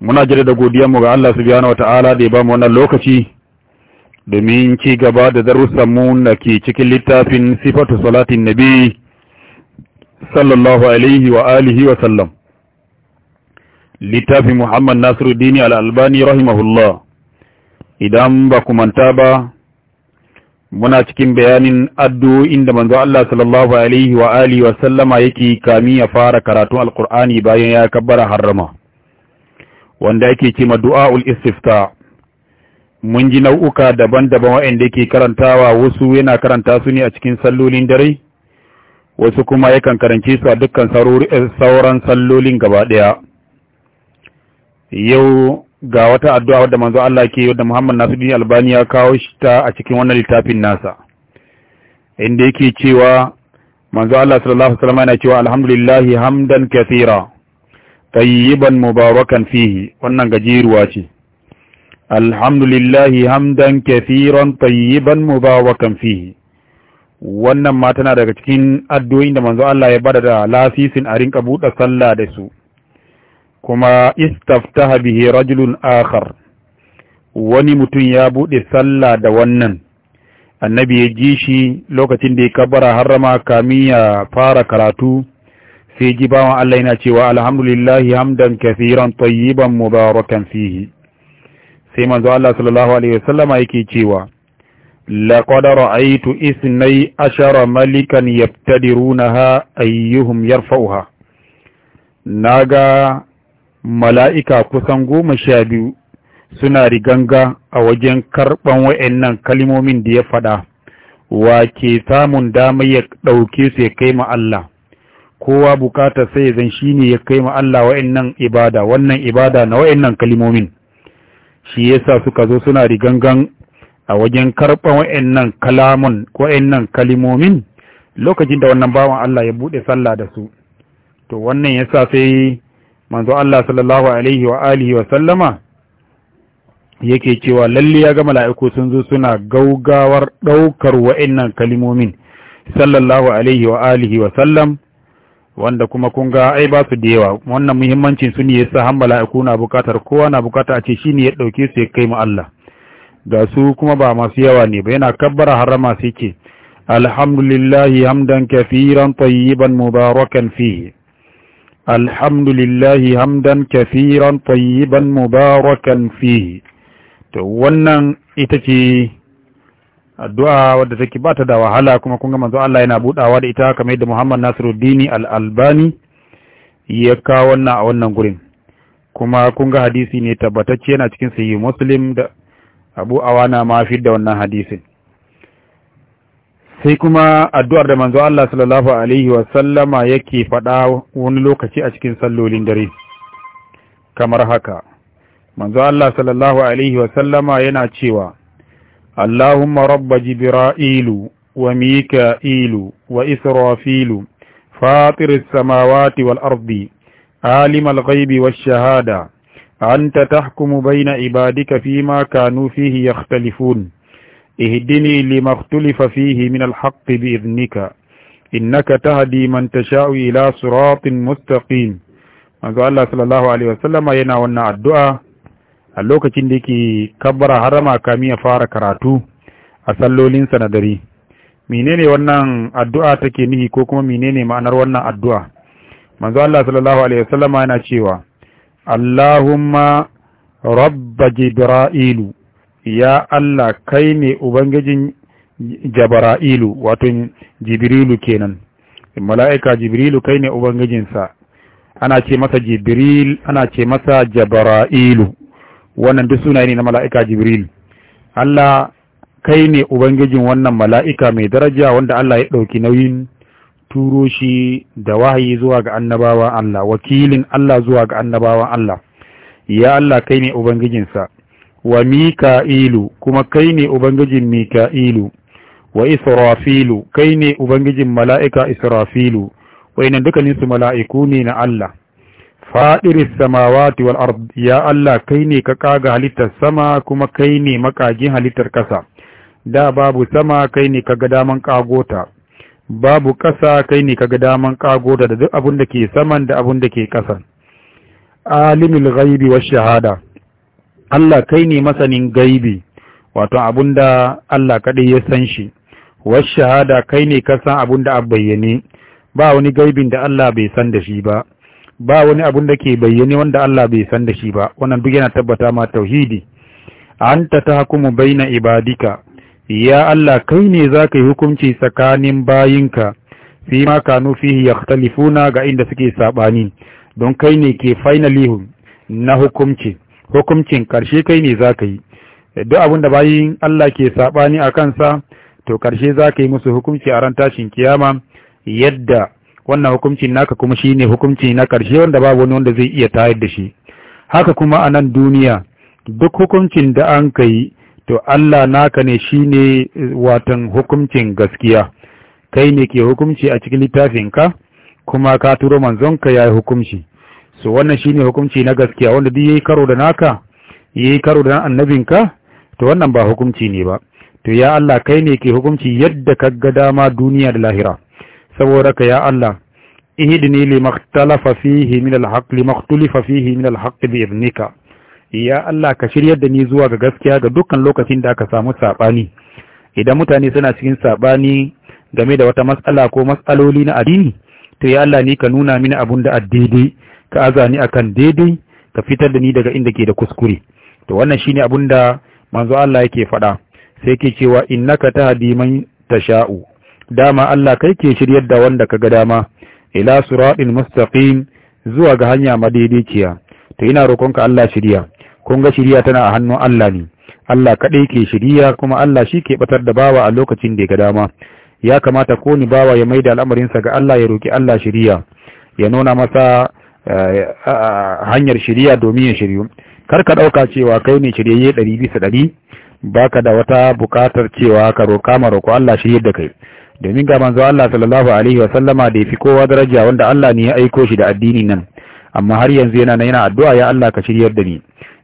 muna jire da godiya mu ga Allah subhanahu wataala da ya bamu wannan lokaci domin ci gaba da darussan mu na ke cikin littafin sifatu salatin nabi sallallahu alaihi wa alihi wa sallam littafin Muhammad Nasiruddin al-Albani rahimahullah idan ba ku manta ba muna cikin bayanin addu'o'in da manzo Allah sallallahu alaihi wa alihi wa sallama yake kami ya fara karatun alqur'ani bayan ya kabbara harrama wanda ake ce du'a'ul istifta mun ji nau'uka daban-daban waɗanda yake karantawa wasu yana karanta su ne a cikin sallolin dare wasu kuma yakan karanci su a dukkan eh, sauran sallolin gaba ɗaya yau ga wata addu'a wadda manzo Allah ke wadda Muhammad Nasiruddin Albani ya kawo shi ta a cikin wannan littafin nasa inda yake cewa manzo Allah sallallahu alaihi wasallam yana cewa alhamdulillahi hamdan katira tayyiban mubarakan fihi wannan gajeruwa ce alhamdulillahi hamdan kathiran tayyiban mubarakan fihi wannan ma tana daga cikin addu'o'in da manzo Allah ya bada da lasisin a rinka buɗe sallah da su kuma istaftaha bihi rajulun akhar wani mutum ya buɗe sallah da wannan annabi ya ji shi lokacin da ya kabbara harrama kamiya fara karatu sai ji bawan Allah yana cewa alhamdulillahi hamdan kathiran tayyiban mubarakan fihi sai manzo Allah sallallahu alaihi wasallama yake cewa laqad ra'aytu isnai ashara malikan yabtadirunaha ayyuhum yarfa'uha naga mala'ika kusan goma sha biyu suna riganga a wajen karɓan wa'annan kalmomin da ya faɗa. wa ke samun damar ya ɗauke su ya kai ma Allah kowa bukatar sai zan shi ne ya kai ma Allah nan ibada wannan ibada na nan kalimomin shi yasa suka zo suna rigangan a wajen karɓar nan kalamun nan kalimomin lokacin da wannan bawan Allah ya buɗe sallah da su to wannan yasa sai manzo Allah sallallahu alaihi wa alihi wa sallama yake cewa lalle ya ga mala'iku sun zo suna gaugawar daukar nan kalimomin sallallahu alaihi wa alihi wa sallam wanda kuma kun ga ai ba su da yawa wannan muhimmancin su ne sa han mala'iku na bukatar kowa na bukata a ce ne ya dauke su ya kai mu Allah ga su kuma ba masu yawa ne ba yana kabbara harama sai ce alhamdulillahi hamdan kafiran tayyiban mubarakan fihi alhamdulillahi hamdan kafiran tayyiban mubarakan fihi to wannan ita ce addu'a wadda take ba ta da wahala kuma kun ga manzo Allah yana budawa da ita kamar yadda Muhammad Nasiruddin Al-Albani ya kawo wannan a wannan gurin kuma kun ga hadisi ne tabbatacce yana cikin sahihi Muslim da Abu Awana ma fi da wannan hadisin sai kuma addu'ar da manzo Allah sallallahu alaihi wa sallama yake faɗa wani lokaci a cikin sallolin dare kamar haka manzo Allah sallallahu alaihi wa sallama yana cewa اللهم رب جبرائيل وميكائيل وإسرافيل فاطر السماوات والأرض عالم الغيب والشهادة أنت تحكم بين عبادك فيما كانوا فيه يختلفون اهدني لما اختلف فيه من الحق بإذنك إنك تهدي من تشاء إلى صراط مستقيم الله صلى الله عليه وسلم ينا ونا الدعاء a lokacin da yake kabbara harama kamin ya fara karatu a sallolinsa na dare menene wannan addu'a take nihi ko kuma menene ma'anar wannan addu'a manzo Allah sallallahu alaihi wasallama yana cewa Allahumma rabb jibra'ilu ya Allah kai ne ubangijin Jibra'ilu wato jibrilu kenan mala'ika jibrilu kai ne ubangijinsa ana ce masa jibril ana ce masa Jibra'ilu. wannan duk sunaye ne na mala'ika jibril Allah kai ne ubangijin wannan mala'ika mai daraja wanda Allah ya ɗauki nauyin turo shi da wahayi zuwa ga annabawan Allah wakilin Allah zuwa ga annabawan Allah ya Allah kai ne ubangijinsa wa mika'ilu kuma kai ne ubangijin mika'ilu wa israfilu kai ne ubangijin mala'ika israfilu wainan dukkaninsu mala'iku ne na Allah fadiris samawati wal ard ya Allah kai ne ka kaga halittar sama kuma kai ne makagin halittar kasa da babu sama kai ne ka ga daman kagota babu kasa kai ne ga daman kagota da duk abun da ke saman da abun da ke ƙasan. alimul ghaibi wash shahada Allah kai ne masanin gaibi wato abunda Allah kadai ya san shi wash shahada kai ne ka san abunda a bayyane ba wani gaibin da Allah bai san da shi ba ba wani abun da ke bayyane wanda Allah bai san da shi ba wannan duk yana tabbata ma tauhidi anta tahkumu baina ibadika ya Allah kai ne zaka yi hukunci tsakanin bayinka fi ma kanu fihi yakhtalifuna ga inda suke sabani don kai ne ke finally na hukunci hukuncin karshe kai ne zaka yi duk abun da bayin Allah ke sabani a sa to karshe zaka yi musu hukunci a ran tashin kiyama yadda wannan hukuncin naka kuma shi ne hukunci na ƙarshe wanda babu wani wanda zai iya tayar da shi haka kuma a nan duniya duk hukuncin da an yi to Allah naka ne shi ne eh, watan hukuncin gaskiya kai ne ke hukunci a cikin littafinka kuma ka turo manzonka yi hukunci so wannan shi ne hukunci na gaskiya wanda duk yayi karo da naka yayi karo da annabinka to wannan ba hukunci ne ba to ya Allah kai ne ke hukunci yadda ka ga dama duniya da lahira saboda ka ya Allah ihdini limaktalafa fihi min alhaq limaktulifa fihi min alhaq bi ibnika ya Allah ka shiryar da ni zuwa ga gaskiya ga dukkan lokacin da aka samu sabani idan mutane suna cikin sabani game da wata matsala ko matsaloli na addini to ya Allah ni ka nuna mini abun da addini ka azani akan daidai ka fitar da ni daga inda ke da kuskure to wannan shine abun da manzo Allah yake faɗa sai yake cewa innaka tahdi man tasha'u dama Allah kai ke shiryar da wanda ka ga dama ila siratin mustaqim zuwa ga hanya madaidaiciya to ina roƙonka Allah shirya kun ga shirya tana a hannun Allah ne Allah kadai ke shirya kuma Allah shi ke batar da bawa a lokacin da ya ga dama ya kamata ko ni bawa ya maida al'amarin sa ga Allah ya roki Allah shirya ya nuna masa eh, hanyar shirya domin ya shiryu kar ka dauka cewa kai ne shiryayye ɗari ɗari baka da wata bukatar cewa ka roƙa ma roƙo Allah shiryar da kai domin ga manzo Allah sallallahu alaihi wa sallama da yafi kowa daraja wanda Allah ne ya aiko shi da addini nan amma har yanzu yana yana addu'a ya Allah ka shiryar da ni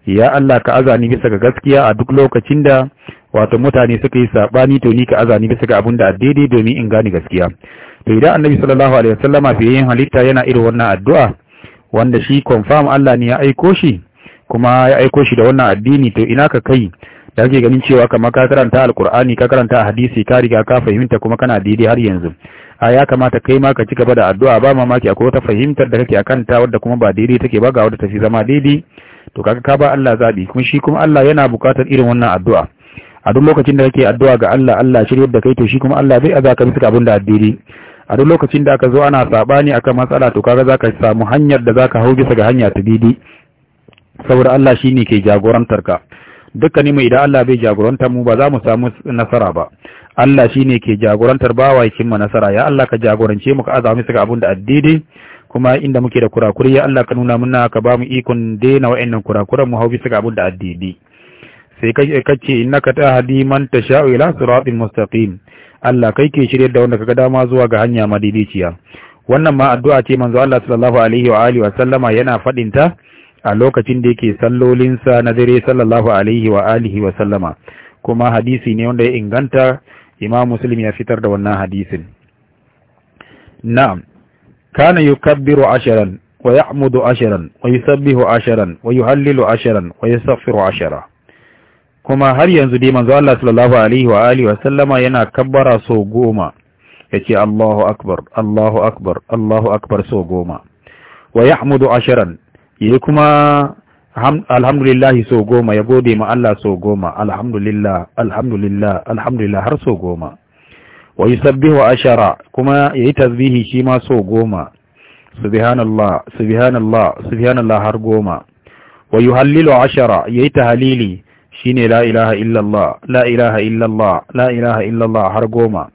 ya Allah ka azani bisa ga gaskiya a duk lokacin da wato mutane suka yi sabani to ni ka azani bisa ga abin da daidai domin in gane gaskiya to idan annabi sallallahu alaihi wa sallama fi yin halitta yana irin wannan addu'a wanda shi confirm Allah ne ya aiko shi kuma ya aiko shi da wannan addini to ina ka kai da kake ganin cewa kamar ka karanta alkur'ani ka karanta hadisi ka riga ka fahimta kuma kana daidai har yanzu a ya kamata kai ma ka ci gaba da addu'a ba mamaki akwai wata fahimtar da kake akan ta wadda kuma ba daidai take ba ga wadda tafi zama daidai to kaga ka ba Allah zabi kuma shi kuma Allah yana buƙatar irin wannan addu'a a duk lokacin da kake addu'a ga Allah Allah shi da kai to shi kuma Allah zai ka bisa abin da addini a duk lokacin da aka zo ana sabani akan matsala to kaga zaka samu hanyar da zaka hau bisa ga hanya ta daidai saboda Allah shine ke jagorantar ka dukkanin mu idan Allah bai jagoranta mu ba za mu samu nasara ba Allah shine ke jagorantar bawa yakin mu nasara ya Allah ka jagorance mu ka azami suka abin da addidi kuma inda muke da kurakuri ya Allah ka nuna muna ka ba mu ikon daina wa'annan kurakuran mu haubi suka abin da addidi sai kace innaka tahdi man tasha'u ila siratin mustaqim Allah kai ke shirye da wanda kaga dama zuwa ga hanya madidiciya wannan ma addu'a ce manzo Allah sallallahu alaihi wa alihi wa sallama yana fadin ta a lokacin da yake sallolinsa na dare sallallahu alaihi wa alihi wa sallama kuma hadisi ne wanda ya inganta imam muslim ya fitar da wannan hadisin na'am kana yukabbiru asharan wa ya'mudu asharan wa yusabbihu asharan wa yuhallilu asharan wa yastaghfiru ashara kuma har yanzu dai manzo Allah sallallahu alaihi wa alihi wa sallama yana kabbara so goma yace Allahu akbar Allahu akbar Allahu akbar so goma wa ya'mudu asharan yayi kuma alhamdulillah so goma ya gode ma Allah so goma alhamdulillah alhamdulillah alhamdulillah har so goma wa yusabbihu ashara kuma yayi tasbihi shi ma so goma subhanallah subhanallah subhanallah har goma wa yuhallilu ashara yayi tahlili shine la ilaha illallah la ilaha la ilaha har goma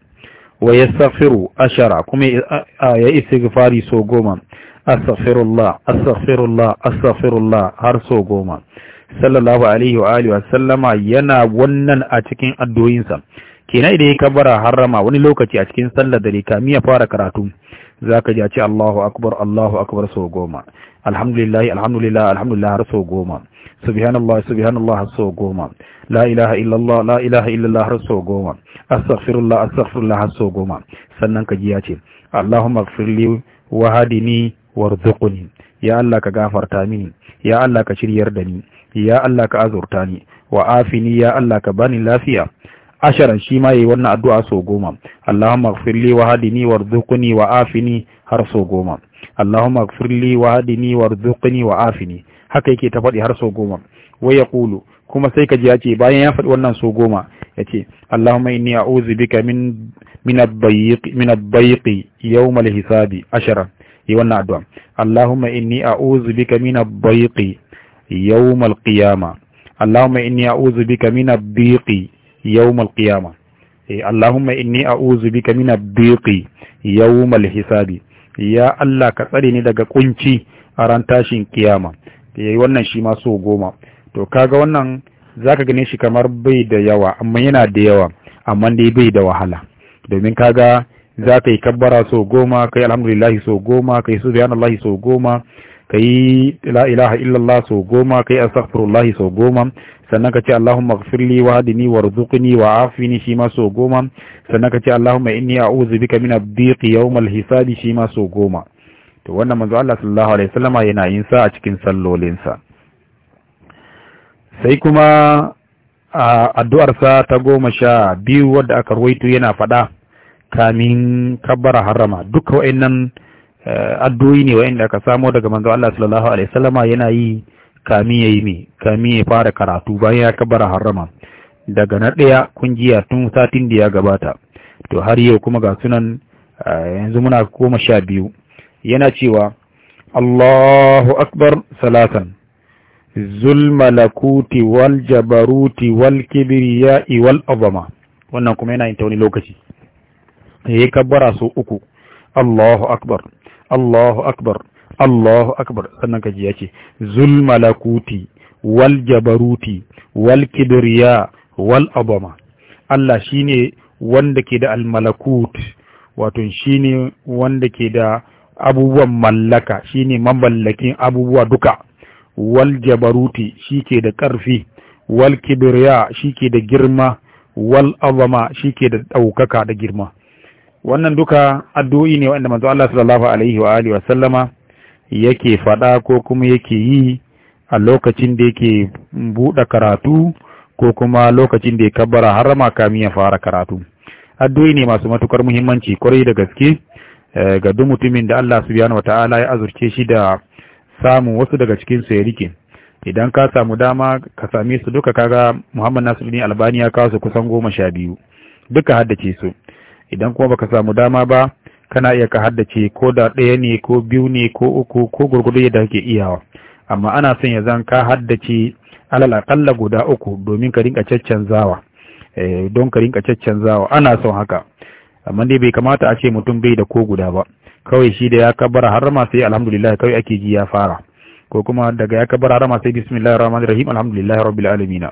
wa yastaghfiru ashara kuma ya istighfari so goma astaghfirullah astaghfirullah astaghfirullah har so goma sallallahu alaihi wa alihi wa sallama yana wannan a cikin addu'o'insa kenan idan ya kabara harrama wani lokaci a cikin sallar dare kamin ya fara karatu zaka ji a ce Allahu akbar Allahu akbar so goma alhamdulillah alhamdulillah alhamdulillah har so goma subhanallah subhanallah har so goma la ilaha illallah la ilaha illallah har so goma astaghfirullah astaghfirullah har so goma sannan ka ji ya ce Allahumma ighfirli wa hadini warzuqni ya Allah ka gafarta mini ya Allah ka shiryar da ni ya Allah ka azurta ni wa afini ya Allah ka bani lafiya asharan shi ma yayi wannan addu'a so goma Allahumma ighfirli wa hadini warzuqni wa afini har so goma Allahumma ighfirli wa hadini warzuqni wa afini haka yake ta faɗi har so goma wa yaqulu kuma sai ka ji ya ce bayan ya faɗi wannan so goma ya ce Allahumma inni a'udhu bika min min ad-dayyiq min ad-dayyiqi yawm al-hisabi asharan yi wannan addu'a Allahumma inni a'udhu bika min ad-dayqi yawm al Allahumma inni a'udhu bika min ad-dayqi yawm al eh, Allahumma inni a'udhu bika min ad-dayqi yawm al ya Allah ka tsare ni daga kunci a ran tashin kiyama yi eh, wannan shi masu goma to kaga wannan za ka gane shi kamar bai da yawa amma yana da yawa amma dai bai da wahala domin kaga za ka yi kabbara so goma ka yi alhamdulillahi so goma ka yi Allah so goma ka yi la ilaha illallah so goma ka yi astaghfirullahi so goma sannan ka ce allahumma ighfirli wa hadini rizukini wa afini shi ma so goma sannan ka ce allahumma inni a'udhu bika min a biƙi yawm al-hisabi shi ma so goma to wannan manzo Allah sallallahu alaihi wasallama yana yin sa a cikin sallolinsa sai kuma a addu'arsa ta goma sha biyu wadda aka ruwaito yana faɗa kamin kabbara harrama duka wa'annan eh, addu'o'i ne wa'anda aka samo daga manzo Allah sallallahu alaihi wasallama yana yi kami yayi ne kami ya fara karatu bayan ya kabbara harrama daga na daya kungiya tun satin da ya gabata to har yau kuma ga sunan eh, yanzu muna koma sha biyu yana cewa Allahu akbar salatan zul malakuti wal jabaruti wal kibriya wal azama wannan kuma yana yin ta wani lokaci ya yi kabbara su uku Allahu akbar Allahu akbar Allahu akbar sannan kaji ya ce zul malakuti wal jabaruti wal kibriya wal abama Allah shi ne wanda ke da al wato shi ne wanda ke da abubuwan mallaka shi shine mamallakin abubuwa duka wal jabaruti shi ke da ƙarfi wal kibriya ke da girma wal abama shi ke da ɗaukaka da girma wannan duka addu'o'i ne wanda manzo Allah sallallahu alaihi wa alihi wa yake fada ko kuma yake yi a lokacin da yake buɗe karatu ko kuma lokacin da ya kabbara har kamin ya fara karatu addu'o'i ne masu matukar muhimmanci kwarai da gaske eh, ga duk mutumin da Allah su subhanahu wataala ya azurce shi da samun wasu daga cikin su ya rike idan ka samu dama ka same su duka kaga Muhammad Nasiruddin Albani ya kawo su kusan goma sha biyu duka haddace su idan kuma baka samu dama ba kana iya ka haddace ko da ɗaya ne ko biyu ne ko uku ko gurgudu yadda kake iyawa amma ana son ya zan ka haddace alal aƙalla guda uku domin ka rinka caccanzawa eh don ka rinka caccanzawa ana son haka amma dai bai kamata a ce mutum bai da ko guda ba kawai shi da ya kabbara harama sai alhamdulillah kawai ake ji ya fara ko kuma daga ya kabbara harama sai bismillahir rahmanir rahim alhamdulillah rabbil alamin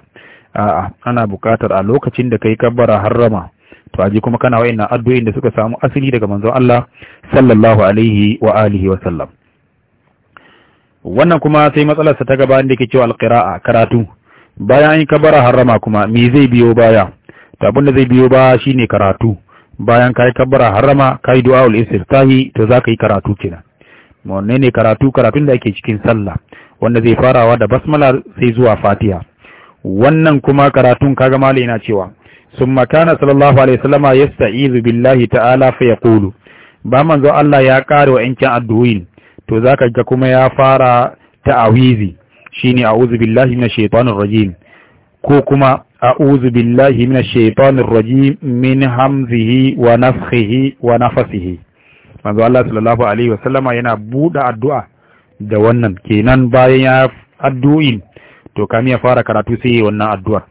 a'a ana buƙatar a lokacin da kai kabara harama to aje kuma kana wayannan addu'o'in da suka samu asali daga manzon Allah sallallahu alaihi wa alihi wa sallam wannan kuma sai matsalar sa ta gaba inda yake cewa alqira'a karatu bayan an kabara harama kuma me zai biyo baya to abin da zai biyo ba shine karatu bayan kai kabara harama kai du'a ul istiftahi to ka yi karatu kenan wannan ne karatu karatun da ake cikin sallah wanda zai farawa da basmala sai zuwa fatiha wannan kuma karatun kaga malai yana cewa ثم كان صلى الله عليه وسلم يستعيذ بالله تعالى فيقول بامان زو الله يا قاري وان كان ادوين to zaka ga kuma ya fara ta'awizi shine a'udhu billahi minash shaitanir rajim ko kuma a'udhu billahi minash shaitanir rajim min wa manzo Allah sallallahu alaihi wasallama yana buɗe addu'a da wannan kenan bayan ya addu'in to kamin ya fara karatu sai wannan addu'ar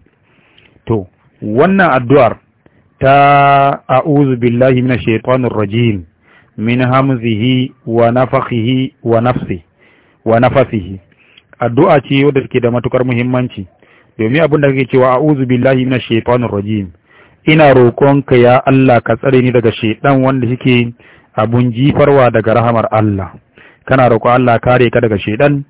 to wannan addu'ar ta a'udhu billahi mina rajim min hamzihi wa wa nafsi wa nafasihi addu'a ce wadda suke da matukar muhimmanci domin abin da kake cewa a'udhu billahi mina rajim ina roƙonka ya Allah ka tsare ni daga shaitan wanda suke abun jifarwa daga rahamar Allah kana roƙon Allah kare ka daga shaitan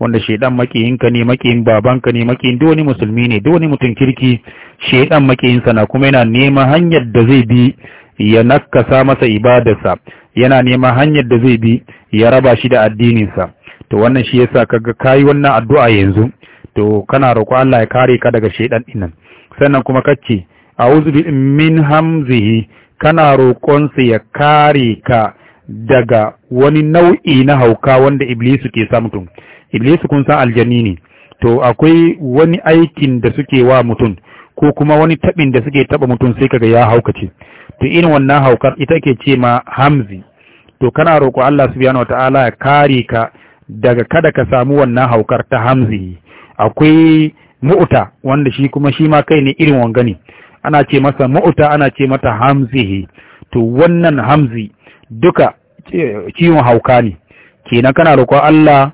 wanda shedan makiyinka ne makiyin babanka ne makiyin wani musulmi ne wani mutum kirki shaidan makiyinsa na kuma yana neman hanyar da zai bi ya nakasa masa ibadarsa yana neman hanyar da zai bi ya raba shi da addininsa to wannan shi yasa kaga kayi wannan addu'a yanzu to kana roƙo Allah ya kare ka daga shaiɗan dinnan sannan kuma kace a'udhu min hamzihi kana roƙonsa ya kare ka daga wani nau'i na hauka wanda iblisu ke sa mutum iblisu kun san aljani ne to akwai wani aikin da suke wa mutum ko kuma wani tabin da suke taba mutum sai kaga ya haukace to irin wannan haukar ita ke ce ma hamzi to kana roƙo Allah subhanahu wataala ya kare ka daga kada ka samu wannan haukar ta hamzi akwai mu'uta wanda shi kuma shi ma kai ne irin wangani ana ce masa mu'uta ana ce mata hamzi to wannan hamzi duka ciwon hauka ne kenan kana roƙon Allah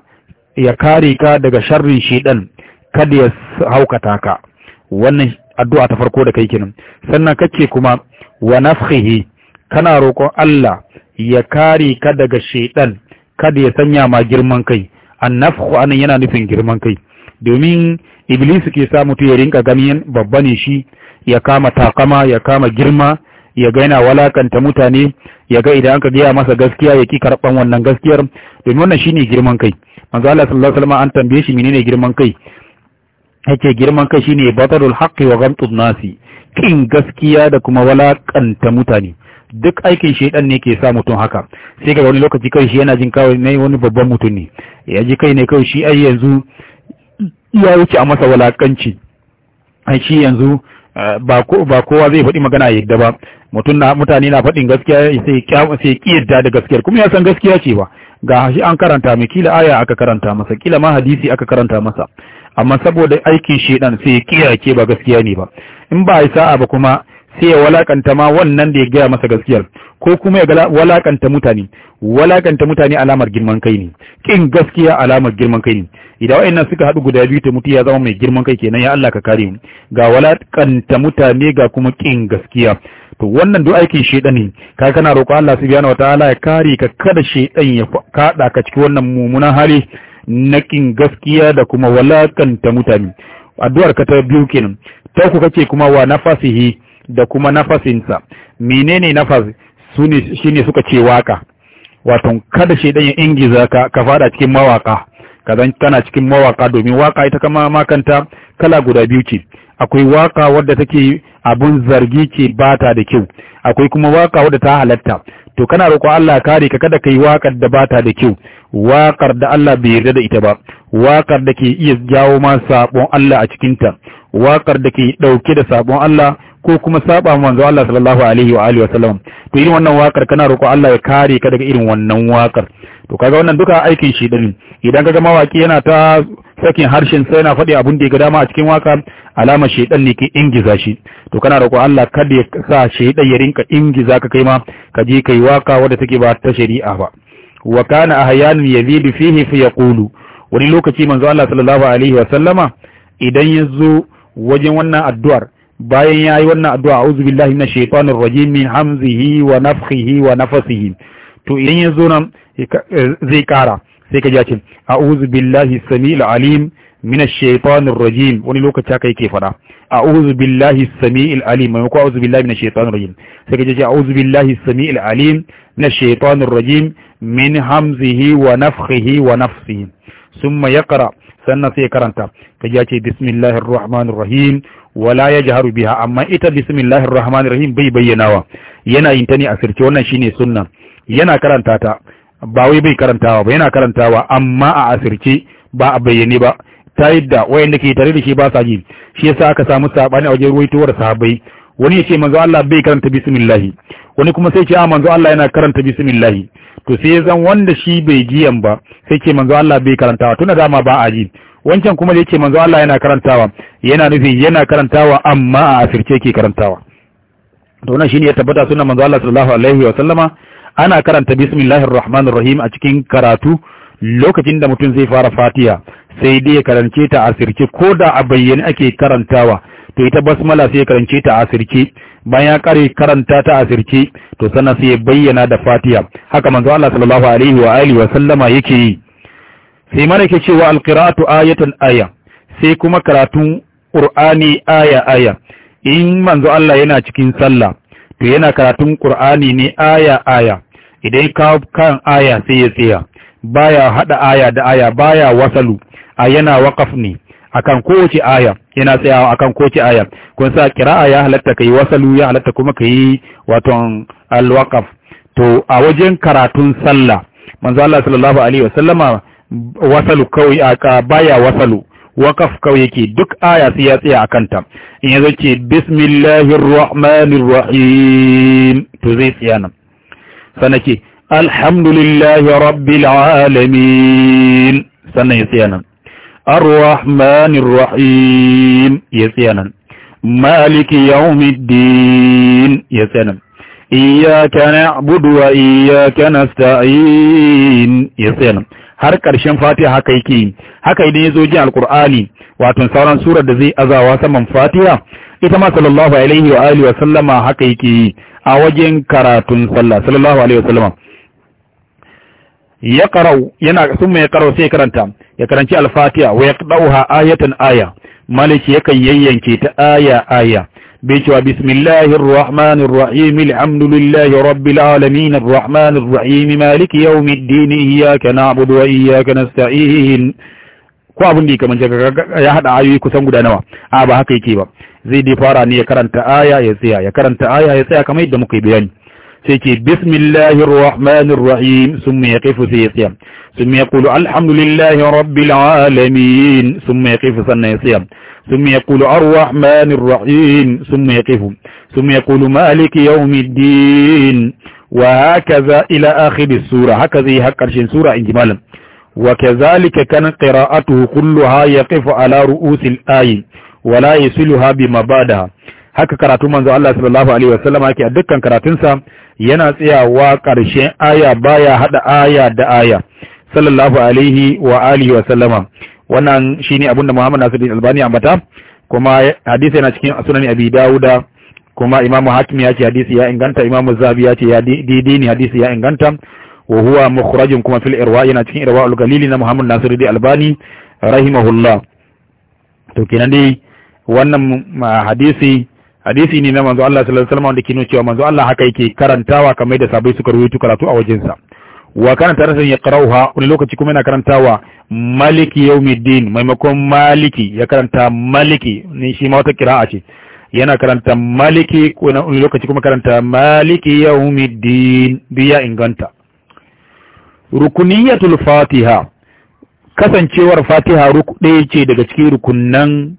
ya kare ka daga sharrin shedan kada ya haukata ka wannan addu'a ta farko da kai kenan sannan kake kuma wa nafhihi kana roƙon Allah ya kare ka daga shedan kada ya sanya ma girman kai annafhu anan yana nufin girman kai domin iblis ke sa tuyarin ya rinka babba ne shi ya kama takama ya kama girma ya ga yana walakanta mutane ya ga idan aka gaya masa gaskiya ya ki karɓan wannan gaskiyar domin wannan shine girman kai manzo Allah sallallahu alaihi wasallam an tambaye shi menene girman kai yake girman kai shine batarul haqqi wa ghamtun nasi kin gaskiya da kuma walakanta mutane duk aikin shedan ne ke sa mutum haka sai ga wani lokaci kai shi yana jin kawai ne wani babban mutum ne ya ji kai ne kai shi ai yanzu ya wuce a masa walakanci ai shi yanzu Eh, ba kowa zai faɗi magana a yadda ba mutum na mutane na faɗin gaskiya sai ki da gaskiyar kuma ya san gaskiya ce ba ga shi an karanta mai kila aya aka karanta masa kila ma hadisi aka karanta masa amma saboda aikin shedan sai ya kiyake ba gaskiya ne ba in ba yi sa'a ba kuma sai ya walakanta ma wannan da ya gaya masa gaskiyar ko kuma ya walakanta mutane walakanta mutane alamar girman kai ne kin gaskiya alamar girman kai ne idan wa'annan suka haɗu guda biyu ta mutu ya zama mai girman kai kenan ya Allah ka kare mu ga walakanta mutane ga kuma kin gaskiya to wannan duk aikin shedan ne ka kana roƙo Allah subhanahu wataala ya kare ka kada shedan ya kada ka ciki wannan mummunan hali na kin gaskiya da kuma walakanta mutane addu'ar ka ta biyu kenan ta ku kake kuma wa nafasihi da kuma nafasinsa menene nafas shi ne suka ce waka wato kada shaidan ya ingiza ka ka fada cikin mawaka kadan kana cikin mawaka domin waka ita kama makanta kala guda biyu ce akwai waka wadda take abun zargi ce bata da kyau akwai kuma waka wadda ta halatta to kana roƙo Allah kare ka kada kai wakar da bata da kyau wakar da Allah bai yarda da ita ba wakar da ke iya jawo ma sabon Allah a cikin ta wakar da ke dauke da sabon Allah ko kuma saba manzo Allah sallallahu alaihi wa alihi wasallam to irin wannan wakar kana roko Allah ya kare ka daga irin wannan wakar to kaga wannan duka aikin shi din idan kaga mawaki yana ta sakin harshen sai yana faɗi abun da ya ga dama a cikin waka alama shedan ne ke ingiza shi to kana roko Allah kada ya sa shedan ya rinka ingiza ka kai ma ka je kai waka wadda take ba ta shari'a ba wa kana ahyan yazidu fihi fi yaqulu wani lokaci manzo Allah sallallahu alaihi wa sallama idan yazo wajen wannan addu'ar bayan ya yi wannan addu'a a'udhu billahi minash shaitanir rajim min hamzihi wa nafthihi wa nafsihi to idan yazo nan eh, zai kara sai ka ji ce a'udhu billahi samil alim minash shaitanir rajim wani lokaci haka ke fada a'udhu billahi samil alim mai ko a'udhu billahi minash shaitanir rajim sai ka ji a'udhu billahi samil alim minash shaitanir rajim min hamzihi wa nafthihi wa nafsihi ya kara. sannan sai karanta ka ya ce bismillahir rahmanir rahim wala yajharu biha amma ita bismillahir rahmanir rahim bai bayyanawa yana yin ta ne a sirce wannan shine sunna yana karanta ta ba wai bai karantawa ba yana karantawa amma a asirce ba a bayyane ba ta yadda wayanda ke tare da shi ba sa ji shi yasa aka samu sabani a wajen ruwaitowar sahabbai wani ya ce manzo Allah bai karanta bismillah wani kuma sai ce a manzo Allah yana karanta bismillah to sai ya zan wanda shi bai jiyan ba sai ke manzo Allah bai karantawa tuna dama ba a ji wancan kuma da yake manzo Allah yana karantawa yana nufi yana karantawa amma a asirce yake karantawa to wannan shine ya tabbata sunan manzo Allah sallallahu alaihi wa sallama ana karanta bismillahir rahmanir rahim a cikin karatu lokacin da mutum zai fara fatiha sai dai ya karance ta a sirke ko da a bayyane ake karantawa to ita basmala sai ya karance ta a sirke bayan ya kare karanta ta asirce to sannan sai ya bayyana da fatiha haka manzo Allah sallallahu alaihi wa alihi wa sallama yake yi sai mana ke cewa alqira'atu ayatan aya sai kuma karatun qur'ani aya aya in manzo Allah yana cikin sallah to yana karatun qur'ani ne aya aya idan ka kan aya sai ya tsaya baya hada aya da aya baya wasalu a yana waqaf ne akan kowace aya yana tsayawa akan kowace aya kun sa kira'a ya halatta kai wasalu ya halatta kuma kai wato alwaqaf to a wajen karatun sallah manzo Allah sallallahu alaihi wasallama wasalu kawai aka baya wasalu waqaf kai yake duk aya sai ya tsaya akan ta in yazo ce bismillahir rahmanir rahim to zai tsaya nan sanake alhamdulillahi rabbil alamin sannan ya tsaya nan الرحمن الرحيم يسينا مالك يوم الدين يسينا إياك نعبد وإياك نستعين يسينا har ƙarshen fatiha haka yake haka idan ya zo jin alkur'ani wato sauran surar da zai azawa saman fatiha ita ma sallallahu alaihi wa alihi wa sallama haka yake a wajen karatun sallah sallallahu alaihi wa sallama ya karau yana sun mai karau sai karanta ya karanci al-fatiha wa yaqdauha ayatan aya maliki yakan yayyanke ta aya aya bai cewa bismillahir rahmanir rahim alhamdulillahi rabbil alamin arrahmanir rahim maliki yawmiddin iyyaka na'budu wa iyyaka nasta'in ko abin da kaman jaka ya hada ayoyi kusan guda nawa a ba haka yake ba zai dai fara ne ya karanta aya ya tsaya ya karanta aya ya tsaya kamar yadda muka yi bayani سيتي بسم الله الرحمن الرحيم ثم يقف سيسيا ثم يقول الحمد لله رب العالمين ثم يقف سنسيا ثم يقول الرحمن الرحيم ثم يقف ثم يقول مالك يوم الدين وهكذا إلى آخر السورة هكذا هكذا سورة انجمالا وكذلك كان قراءته كلها يقف على رؤوس الآي ولا يصلها بما بعدها haka karatu manzo Allah sallallahu alaihi wasallam yake a dukkan karatunsa yana tsayawa ƙarshen aya baya hada aya da aya sallallahu alaihi wa alihi wasallama wannan shine abinda Muhammad Nasiruddin Albani ambata kuma hadisi yana cikin sunan Abi Dawuda kuma Imam Hakim ya ce hadisi ya inganta Imam Zabi ya ce ya didini hadisi ya inganta wa huwa mukhrajun kuma fil irwa yana cikin irwa al-galili na Muhammad Nasiruddin Albani rahimahullah to kenan dai wannan hadisi hadisi ne na manzo Allah sallallahu alaihi wasallam wanda ke nuna cewa manzo Allah haka yake karantawa kamar da sabai suka rubuta karatu a wajensa wa kana tarasan ya qarauha wani lokaci kuma yana karantawa maliki yawmiddin maimakon maliki ya karanta maliki ne shi ma wata qira'a ce yana karanta maliki wani lokaci kuma karanta maliki yawmiddin biya inganta rukuniyatul fatiha kasancewar fatiha ruku ɗaya ce daga cikin rukunnan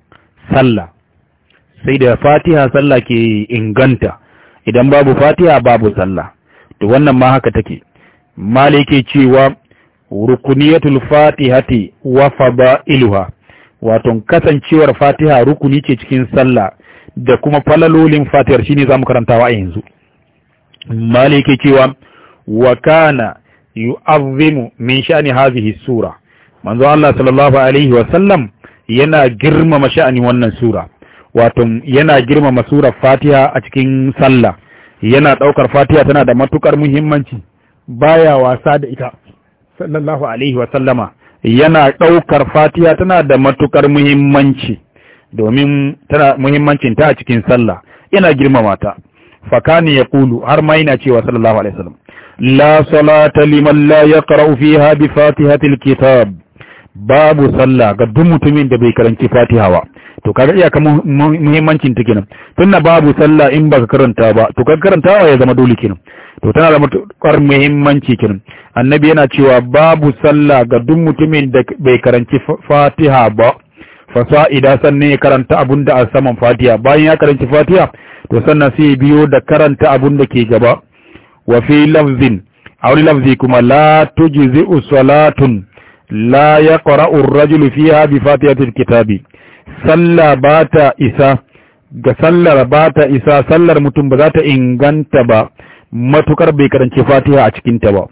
sallah sai da fatiha sallah ke inganta idan babu fatiha babu sallah to wannan ma haka take malike cewa rukuniyatul fatihati wa fada'iluha wato kasancewar fatiha rukuni ce cikin sallah da kuma falalolin fatihar shine zamu karantawa a yanzu malike cewa wa kana yu'azzimu min sha'ni hadhihi sura manzo Allah sallallahu alaihi wa sallam yana girmama sha'ani wannan sura wato yana girmama surar fatiha a cikin sallah yana ɗaukar fatiha tana da matukar muhimmanci baya wasa da ita sallallahu alaihi wa sallama yana ɗaukar fatiha tana da matukar muhimmanci domin tana muhimmancin ta a cikin sallah yana girmama ta fakani ya kulu har ma yana cewa sallallahu alaihi wasallam la salata liman la yaqra'u fiha bi fatihatil kitab babu sallah ga duk mutumin da bai karanci fatiha ba to kaga iyaka muhimmancin ta kenan tunna babu sallah in baka karanta ba to kaga karantawa ya zama dole kenan to tana da matukar muhimmanci kenan annabi yana cewa babu sallah ga duk mutumin da bai karanci fatiha ba idan sannan ya karanta abun a saman fatiha bayan ya karanci fatiha to sannan sai biyo da karanta abunda ke gaba wa fi lafzin a wani lafzi kuma la tujzi'u salatun la yaqra'u ar-rajulu fiha bi fatihatil kitabi sallah ba ta isa ga sallar ba ta isa sallar mutum ba za ta inganta ba matukar bai karance fatiha a cikinta ba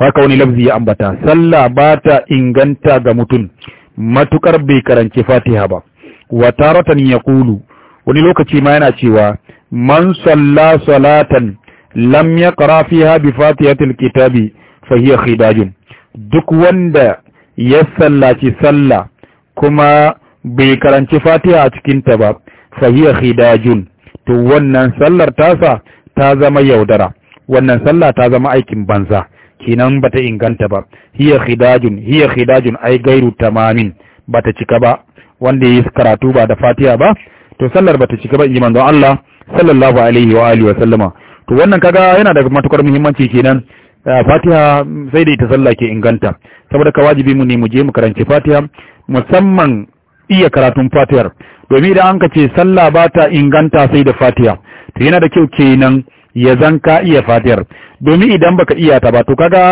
haka wani lafzi ya ambata sallah ba ta inganta ga mutum matukar bai karance fatiha ba wa taratan kulu wani lokaci ma yana cewa man salla salatan lam yaqra fiha bi fatihatil kitabi fa hiya duk wanda ya sallaci sallah kuma bai karanci fatiha a cikinta ba fahiyar khidajun to wannan sallar tasa ta zama yaudara wannan sallah ta zama aikin banza kinan bata inganta ba hiya khidajun hiya khidajun ai gairu tamamin bata cika ba wanda yi karatu ba da fatiha ba to sallar bata cika ba inji manzon Allah sallallahu alaihi wa alihi wa sallama to wannan kaga yana da matukar muhimmanci kenan ah, fatiha sai da ita sallah ke inganta saboda ka wajibi mu ne mu je mu karanci fatiha musamman iya karatun fatiyar domin idan an ka ce sallah ba ta inganta sai da fatiya to yana da kyau kenan ya zan ka iya fatiyar domin idan baka iya ta ba to kaga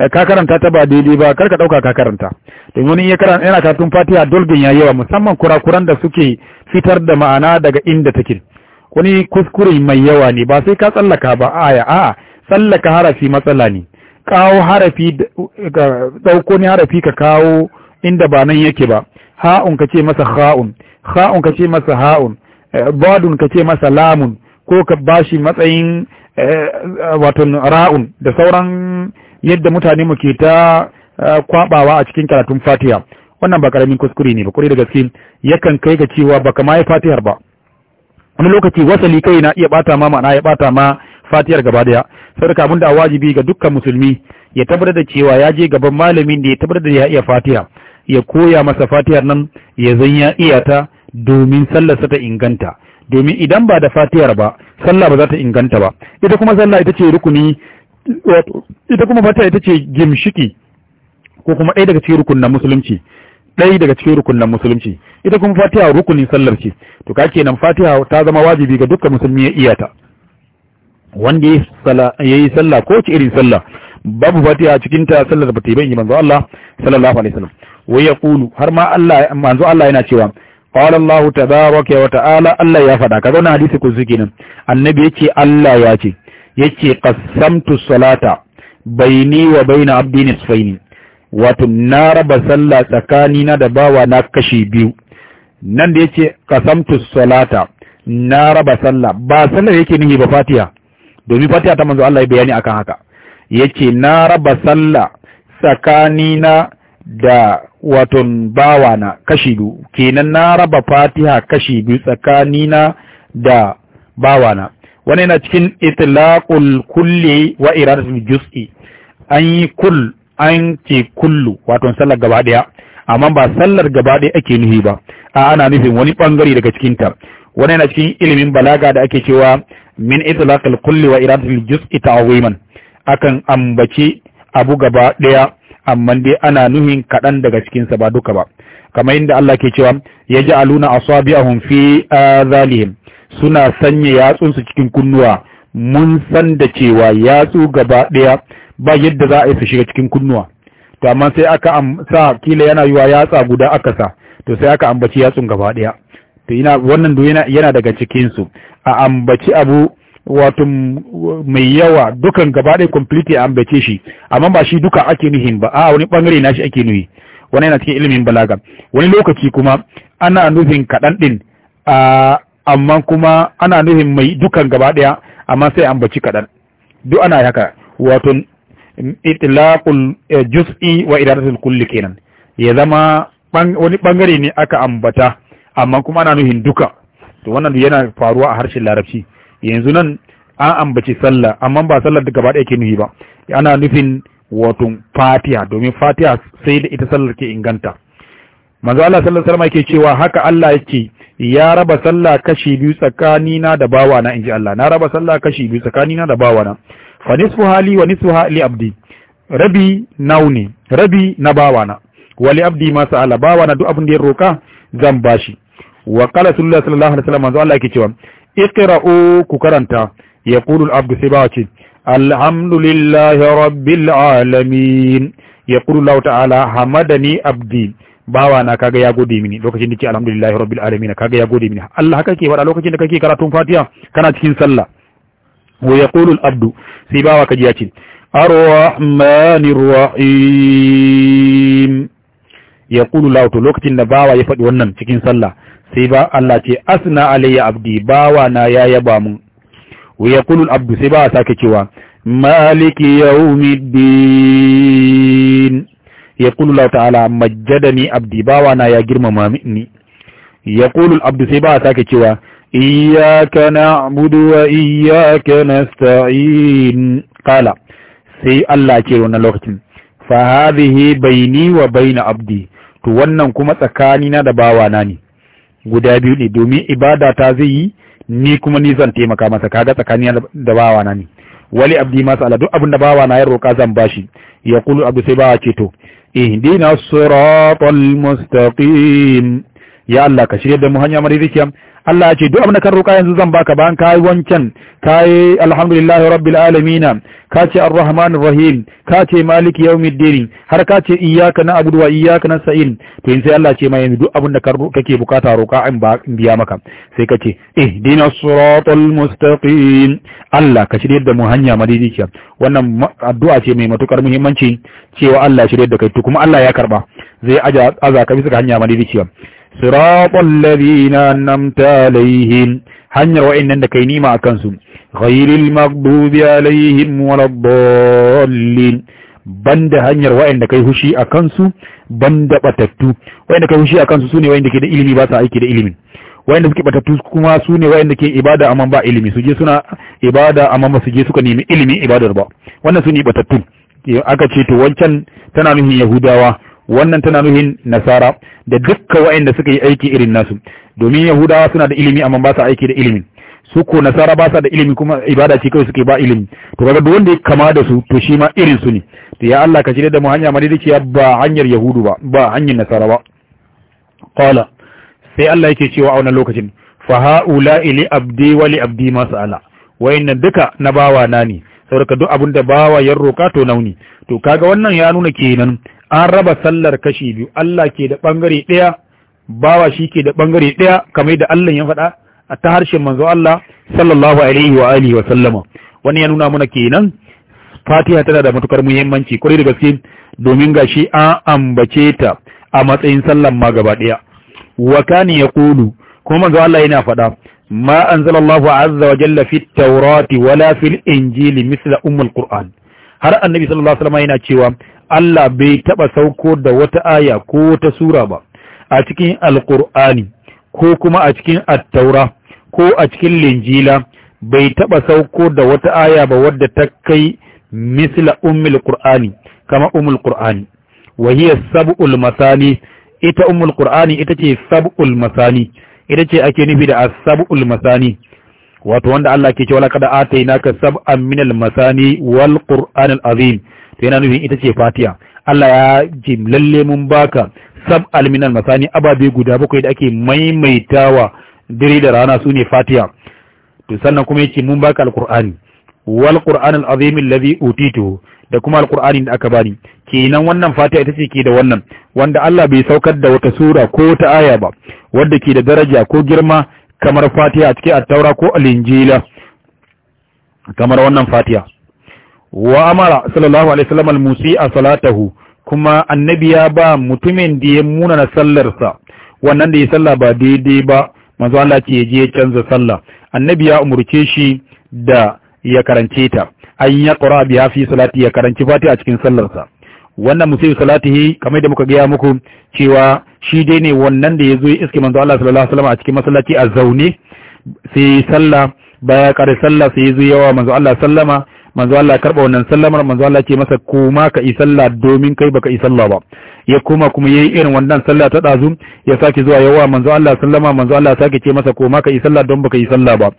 eh, ka karanta ta ba daidai ba karka dauka ka karanta domin wani yana karatun fatiya dolgin ya yawa musamman kurakuran da suke fitar da ma'ana daga inda take wani kuskure mai yawa ne ba sai ka tsallaka ba aya a'a tsallaka harafi matsala ne kawo harafi dauko eh, ne harafi ka kawo inda ba nan yake ba ha'un ka ce masa ha'un ha'un ka ce masa ha'un eh, badun ka ce masa lamun ko ka bashi matsayin eh, wato ra'un da sauran yadda mutane muke ta eh, kwabawa a cikin karatun fatiha wannan ba karamin kuskure ne ba kuri da gaske yakan kai ga cewa ba kama ya fatihar ba wani lokaci wasali kai na iya bata ma ma'ana ya bata ma fatiyar gaba daya sadaka da a wajibi ga dukkan musulmi ya tabbatar da cewa ya je gaban malamin da ya tabbatar da ya iya fatiha ya koya masa fatihar nan ya zan ya iya ta domin sallarsa ta inganta domin idan ba da fatihar ba sallah ba za ta inganta ba ita kuma sallah ita ce rukuni ita kuma fatiha ita ce gimshiki ko kuma ɗaya daga cikin rukunin musulunci ɗaya daga cikin rukunin musulunci ita kuma fatiya rukunin sallar ce to ka kenan fatiya ta zama wajibi ga dukkan musulmi ya iya ta wanda ya yi sallah ko ci irin sallah babu fatiya cikin ta sallar ba ta yi ban yi manzo Allah sallallahu alaihi wasallam wa yaqulu har ma Allah manzo Allah yana cewa qala Allah tabaaraka wa ta'ala Allah ya fada kaga wannan hadisi kun suke nan annabi yake Allah ya ce yake qassamtu salata baini wa baina abdi nisfaini wato tunara raba sallah tsakani na da bawa na kashi biyu nan da yake qassamtu salata na raba sallah ba sallar yake nihi ba fatiha domin fatiha ta manzo Allah ya bayani akan haka yace na raba sallah tsakani na da waton bawa na kashi biyu kenan na raba fatiha kashi biyu tsakanina da bawa na wani na cikin itlaqul kulli wa iradatul juz'i an yi kul an ce kullu waton sallar gaba daya amma ba sallar gaba daya ake nufi ba a ana nufin wani bangare daga cikin ta wani na cikin ilimin balaga da ake cewa min itlaqul kulli wa iradatul juz'i ta'awiman akan ambaci abu gaba daya amma dai ana nuhin kaɗan daga cikinsa ba duka ba kamar inda Allah ke cewa ya ji aluna hunfi a zalihim suna sanya yatsunsu cikin kunnuwa mun san da cewa yatsu gaba ɗaya ba yadda za a yi su shiga cikin kunnuwa to amma sai aka sa kila yana yiwa yatsa guda aka sa to sai aka ambaci yatsun gaba ɗaya to wannan do yana, daga cikinsu a ambaci abu wato mai yawa dukan gaba ɗaya complete an bace shi amma ba shi duka ake nuhin ba a wani bangare na shi ake nuhi wani yana cikin ilimin balaga wani lokaci kuma ana nufin kaɗan ɗin amma kuma ana nufin mai dukan gaba ɗaya amma sai an kaɗan duk ana haka wato itlaqul e, juz'i wa iradatul kulli kenan ya zama wani bangare ne aka ambata amma kuma ana nuhin duka to wannan yana faruwa a harshen larabci yanzu nan an ambaci sallah amma ba sallar da gaba ɗaya ke nufi ba ana nufin wato fatiha domin fatiha sai da ita sallar ke inganta manzo Allah sallallahu alaihi wasallam yake cewa haka Allah yake ya raba sallah kashi biyu tsakanina da bawana inji Allah na raba sallah kashi biyu tsakanina da bawana fa nisfu hali wa nisfu hali abdi rabi nauni rabi na na wali abdi ma sa'ala na duk abin da ya roka zan bashi wa qala sallallahu alaihi wasallam manzo Allah yake cewa iqra'u ku karanta yaqulu al-abdu sai bawa ce alhamdulillahi rabbil alamin yaqulu Allah ta'ala hamadani abdi bawa na kaga ya gode mini lokacin da ke alhamdulillahi rabbil alamin kaga ya gode mini Allah haka ke wada lokacin da kake karatu Fatiha kana cikin sallah wa yaqulu al-abdu sai bawa kaji ya ce ar-rahmanir rahim yaqulu Allah to lokacin da bawa ya faɗi wannan cikin sallah sai ba Allah ce asna alayya abdi bawa na ya yaba mun wa yaqulu abdu sai ba sake cewa maliki yawmiddin yaqulu la ta'ala majjadani abdi bawa na ya girmama ni yaqulu abdu sai ba sake cewa iyyaka na'budu wa iyyaka nasta'in qala sai Allah ce wannan lokacin fa hadhihi baini wa baina abdi to wannan kuma tsakanina da bawa na ne guda biyu ne domin ibada ta zai yi ni kuma ni zan taimaka masa kaga tsakani da bawa na ni wali abdi masa ala duk abin da bawa na ya roƙa zan bashi ya kulu abu sai bawa ce to ihdina siratal mustaqim ya Allah ka shirya da mu hanya madaidaiciya Allah ya ce duk abin da kan roƙa yanzu zan baka bayan ka yi wancan ka yi alhamdulillahi rabbil alamin ka ce arrahman rahim ka ce maliki yawmiddin har ka ce iyyaka na'budu wa iyyaka nasta'in to in sai Allah ce ma yanzu duk abin da kake bukata roƙa in ba in biya maka sai ka ce ihdinas siratal mustaqim Allah ka shirye da mu hanya madidiciya wannan addu'a ce mai matukar muhimmanci cewa Allah shirye da kai to kuma Allah ya karba zai aja azaka bisa hanya madidiciya صراط الذين أنمت عليهم حنر وإن عندك نيمة أكنسم غير المغضوب عليهم ولا الضالين banda hanyar wa'anda kai hushi a kansu banda batattu wa'anda kai hushi a kansu sune wa'anda ke da ilimi ba sa aiki da ilimin wa'anda suke batattu kuma sune wa'anda ke ibada amma ba ilimi su je suna ibada amma ba su je suka nemi ilimi ibadar ba wannan sune batattu aka ce to wancan tana nufin yahudawa wannan tana nuhin nasara da dukka waɗanda suka yi aiki irin nasu domin yahudawa suna da ilimi amma ba sa aiki da ilimin su ko nasara ba sa da ilimi kuma ibada ce kawai suke ba ilimi to kaga duk wanda ya kama da su to shi ma irin su ne to ya Allah ka shirya da mu hanya madaidaiciya ba hanyar yahudu ba ba hanyar nasara ba qala sai Allah yake cewa a wannan lokacin fa haula ili abdi wa li abdi ma sa'ala wayannan duka na bawa na ne saboda duk abin da bawa ya roka to nauni to kaga wannan ya nuna kenan an raba sallar kashi biyu Allah ke da bangare ɗaya bawa shi ke da bangare ɗaya kamar da Allah ya faɗa a ta harshen manzo Allah sallallahu alaihi wa alihi wa sallama wani ya nuna mana kenan Fatiha tana da matukar muhimmanci kwarai da gaske domin gashi an ambace ta a matsayin sallan ma gaba ɗaya wa kani yaqulu kuma manzo Allah yana faɗa ma anzalallahu azza wa jalla fit tawrati wala fil injili misla ummul qur'an har annabi sallallahu alaihi wasallam yana cewa Allah bai taɓa sauko da wata aya ko wata sura ba a cikin alƙur'ani ko kuma a cikin attaura ko a cikin linjila bai taɓa sauko da wata aya ba wadda ta kai misla ummul qur'ani kama ummul qur'ani wa hiya sab'ul masani ita ummul qur'ani ita ce sab'ul masani ita ce ake nufi da as-sab'ul masani wato wanda Allah ke cewa laqad atainaka sab'an minal masani wal qur'anil azim to yana nufin ita ce fatiya Allah ya ji lalle mun baka sab alminal masani ababe guda bakwai da ake maimaitawa dare da rana su ne fatiya to sannan kuma yake mun baka alqur'ani wal qur'an alazim alladhi utitu da kuma alqur'ani da aka bani kenan wannan fatiha ita ce ke da wannan wanda Allah bai saukar da wata sura ko wata aya ba wanda ke da daraja ko girma kamar fatiha a at taura ko al-injila kamar wannan fatiya. wa amara sallallahu alaihi wasallam al-musi a salatahu kuma annabi ya ba mutumin da ya muna na sallarsa wannan da ya salla ba daidai ba manzo Allah ce ya je canza salla annabi ya umurce shi da ya karance ta an ya qura biha fi salati ya karanci fati a cikin sallarsa wannan musayyib salatihi kamar da muka gaya muku cewa shi dai ne wannan da yazo iske manzo Allah sallallahu alaihi wasallam a cikin masallaci a zaune sai salla baya kare sallah sai yazo yawa manzo Allah sallama manzo Allah ya karba wannan sallamar manzo Allah ce masa kuma ka yi sallah domin kai baka yi sallah ba ya kuma kuma yayi irin wannan sallah ta dazu ya sake zuwa yawa manzo Allah sallama manzo Allah sake ce masa kuma ka yi sallah don baka yi sallah ba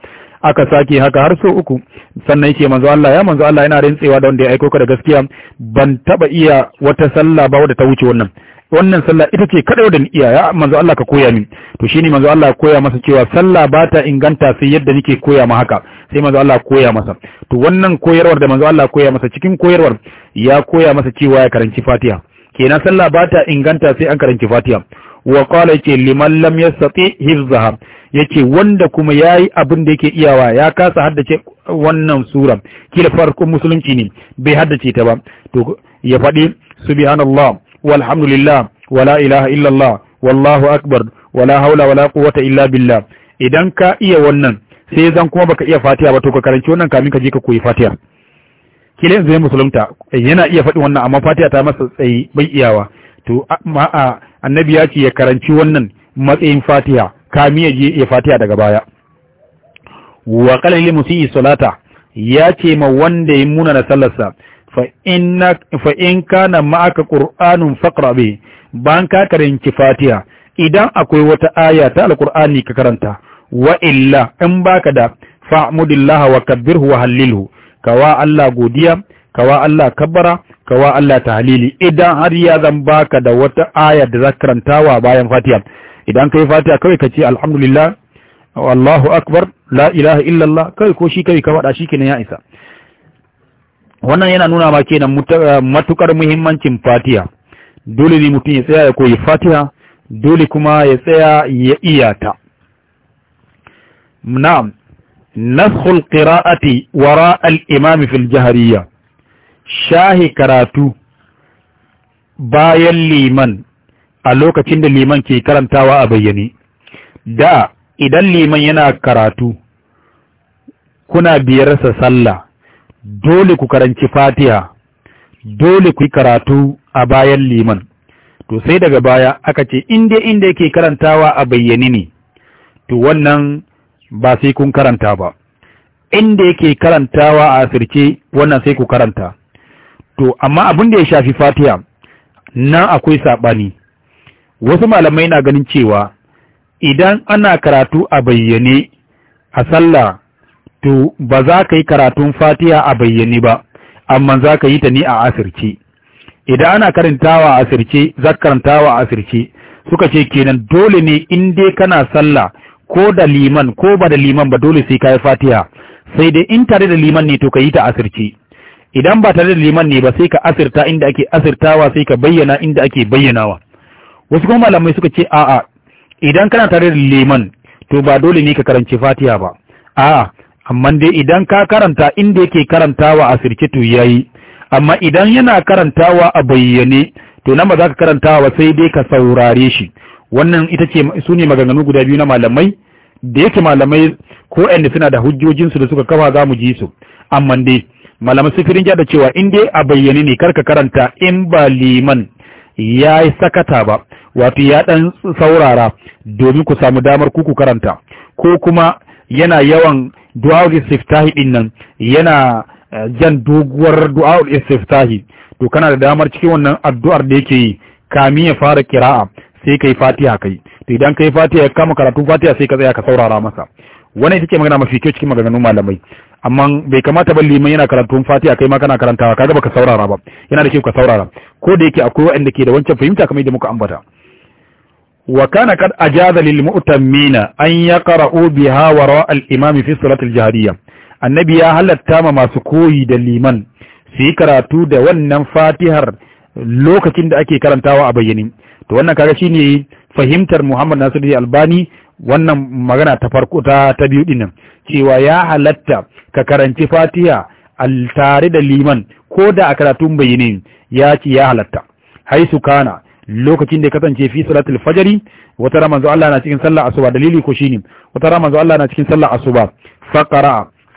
aka sake haka har so uku sannan yake manzo Allah ya manzo Allah yana rintsewa da wanda ya aiko ka da gaskiya ban taba iya wata sallah ba wadda ta wuce wannan wannan sallah ita ce kadai da iya ya manzo Allah ka koya min to shine manzo Allah ya koya masa cewa sallah ba ta inganta sai yadda nake koya ma haka sai manzo Allah koya masa to wannan koyarwar da manzo Allah koya masa cikin koyarwar ya koya masa cewa ya karanci Fatiha kenan sallah ba ta inganta sai an karanci Fatiha wa qala yake liman lam yastati hifzaha yake wanda kuma yayi abin da yake iyawa ya kasa haddace wannan sura kila farkon musulunci ne bai haddace ta ba to ya faɗi subhanallah ولا wala ilaha الله والله akbar wala حول wala quwwata illa بالله idan ka iya wannan sai zan kuma baka iya fatiha ba to ka karanci wannan kamin ka je ka koyi fatiha kila yanzu musulunta yana iya faɗin wannan amma fatiha ta masa tsayi bai iyawa to ma'a annabi ya ce ya karanci wannan matsayin fatiha kamin ya je ya fatiha daga baya wa qalil musii salata ya ce ma wanda ya muna na sallarsa fa in kana ma'aka qur'anun faqra ba ban ka karanci fatiha idan akwai wata aya ta alqur'ani ka karanta wa illa in baka da fa'mudillaha wa kabbirhu wa ka wa Allah godiya kawa Allah kabbara wa Allah tahlili idan har ya zan baka da wata aya da karanta karantawa bayan fatiha idan kai fatiha kawai ka ce alhamdulillah Allahu akbar la ilaha illallah kawai ko shi kawai ka faɗa shi kenan ya isa wannan yana nuna ma kenan eh, matukar muhimmancin fatiha dole ne mutum ya tsaya ya koyi fatiha dole kuma ya tsaya ya iyata na'am naskhul qira'ati wara al-imam fil jahriyya shahi karatu bayan liman a lokacin da liman ke karantawa a bayyane da idan liman yana karatu kuna biyarsa sallah dole ku karanci fatiha dole ku yi karatu a bayan liman to sai daga baya aka ce inda inda yake karantawa a bayyane ne to wannan ba sai kun karanta ba inda yake karantawa a asirce wannan sai ku karanta to amma abin da ya shafi fatiha na akwai saɓani wasu malamai na ganin cewa idan ana karatu a bayyane a sallah to ba za ka yi karatun fatiya a bayyane ba amma za ka yi ta ne a asirce idan ana karantawa a asirce za ka karantawa a asirce suka ce kenan dole ne in dai kana sallah ko da liman ko ba da liman ba dole sai ka yi fatiha sai dai in tare da liman ne to ka yi ta asirce idan ba tare da liman ne ba sai ka asirta inda ake asirtawa sai ka bayyana inda ake bayyanawa wasu kuma malamai suka ce a'a idan kana tare da liman to ba dole ne ka karanci fatiya ba a'a amma dai idan ka karanta inda yake karantawa a sirce to yayi amma idan yana karantawa a bayyane to nan ba za ka karantawa sai dai ka saurare shi wannan ita ce su maganganu guda biyu na malamai da yake malamai ko ɗan suna da hujjojinsu da suka kafa za mu ji su amma dai malamai sifirin ja da cewa in dai a bayyane ne karka karanta in ba liman ya yi sakata ba wato ya ɗan saurara domin ku samu damar kuku karanta ko kuma yana yawan du'a'ul istiftahi din nan yana eh, jan doguwar du'a'ul istiftahi to kana da damar cikin wannan addu'ar da yake yi kamin ya fara kira'a sai kai fatiha kai to idan kai fatiha kama karatu fatiha sai ka tsaya ka saurara masa wannan ita ce magana mafi kyau cikin maganganu malamai amma bai kamata ba liman yana karatu fatiha kai ma kana karantawa kaga baka saurara ba yana da kyau ka saurara ko da yake akwai waɗanda ke da wancan fahimta kamar yadda muka ambata wa kana kad ajaza lil mu'tammina an yaqra'u biha wara al imam fi salati al annabi ya halatta ma masu koyi da liman su yi karatu da wannan fatihar lokacin da ake karantawa a bayyane to wannan kaga shine fahimtar Muhammad Nasiru Albani wannan magana ta farko ta ta biyu din cewa ya halatta ka karanci Fatiha al tare da liman ko da a karatun bayyane ya ci ya halatta haisu kana lokacin da ya kasance fi salatul fajri wata ran manzo Allah na cikin sallah asuba dalili ko shine wata ran manzo Allah na cikin sallah asuba fa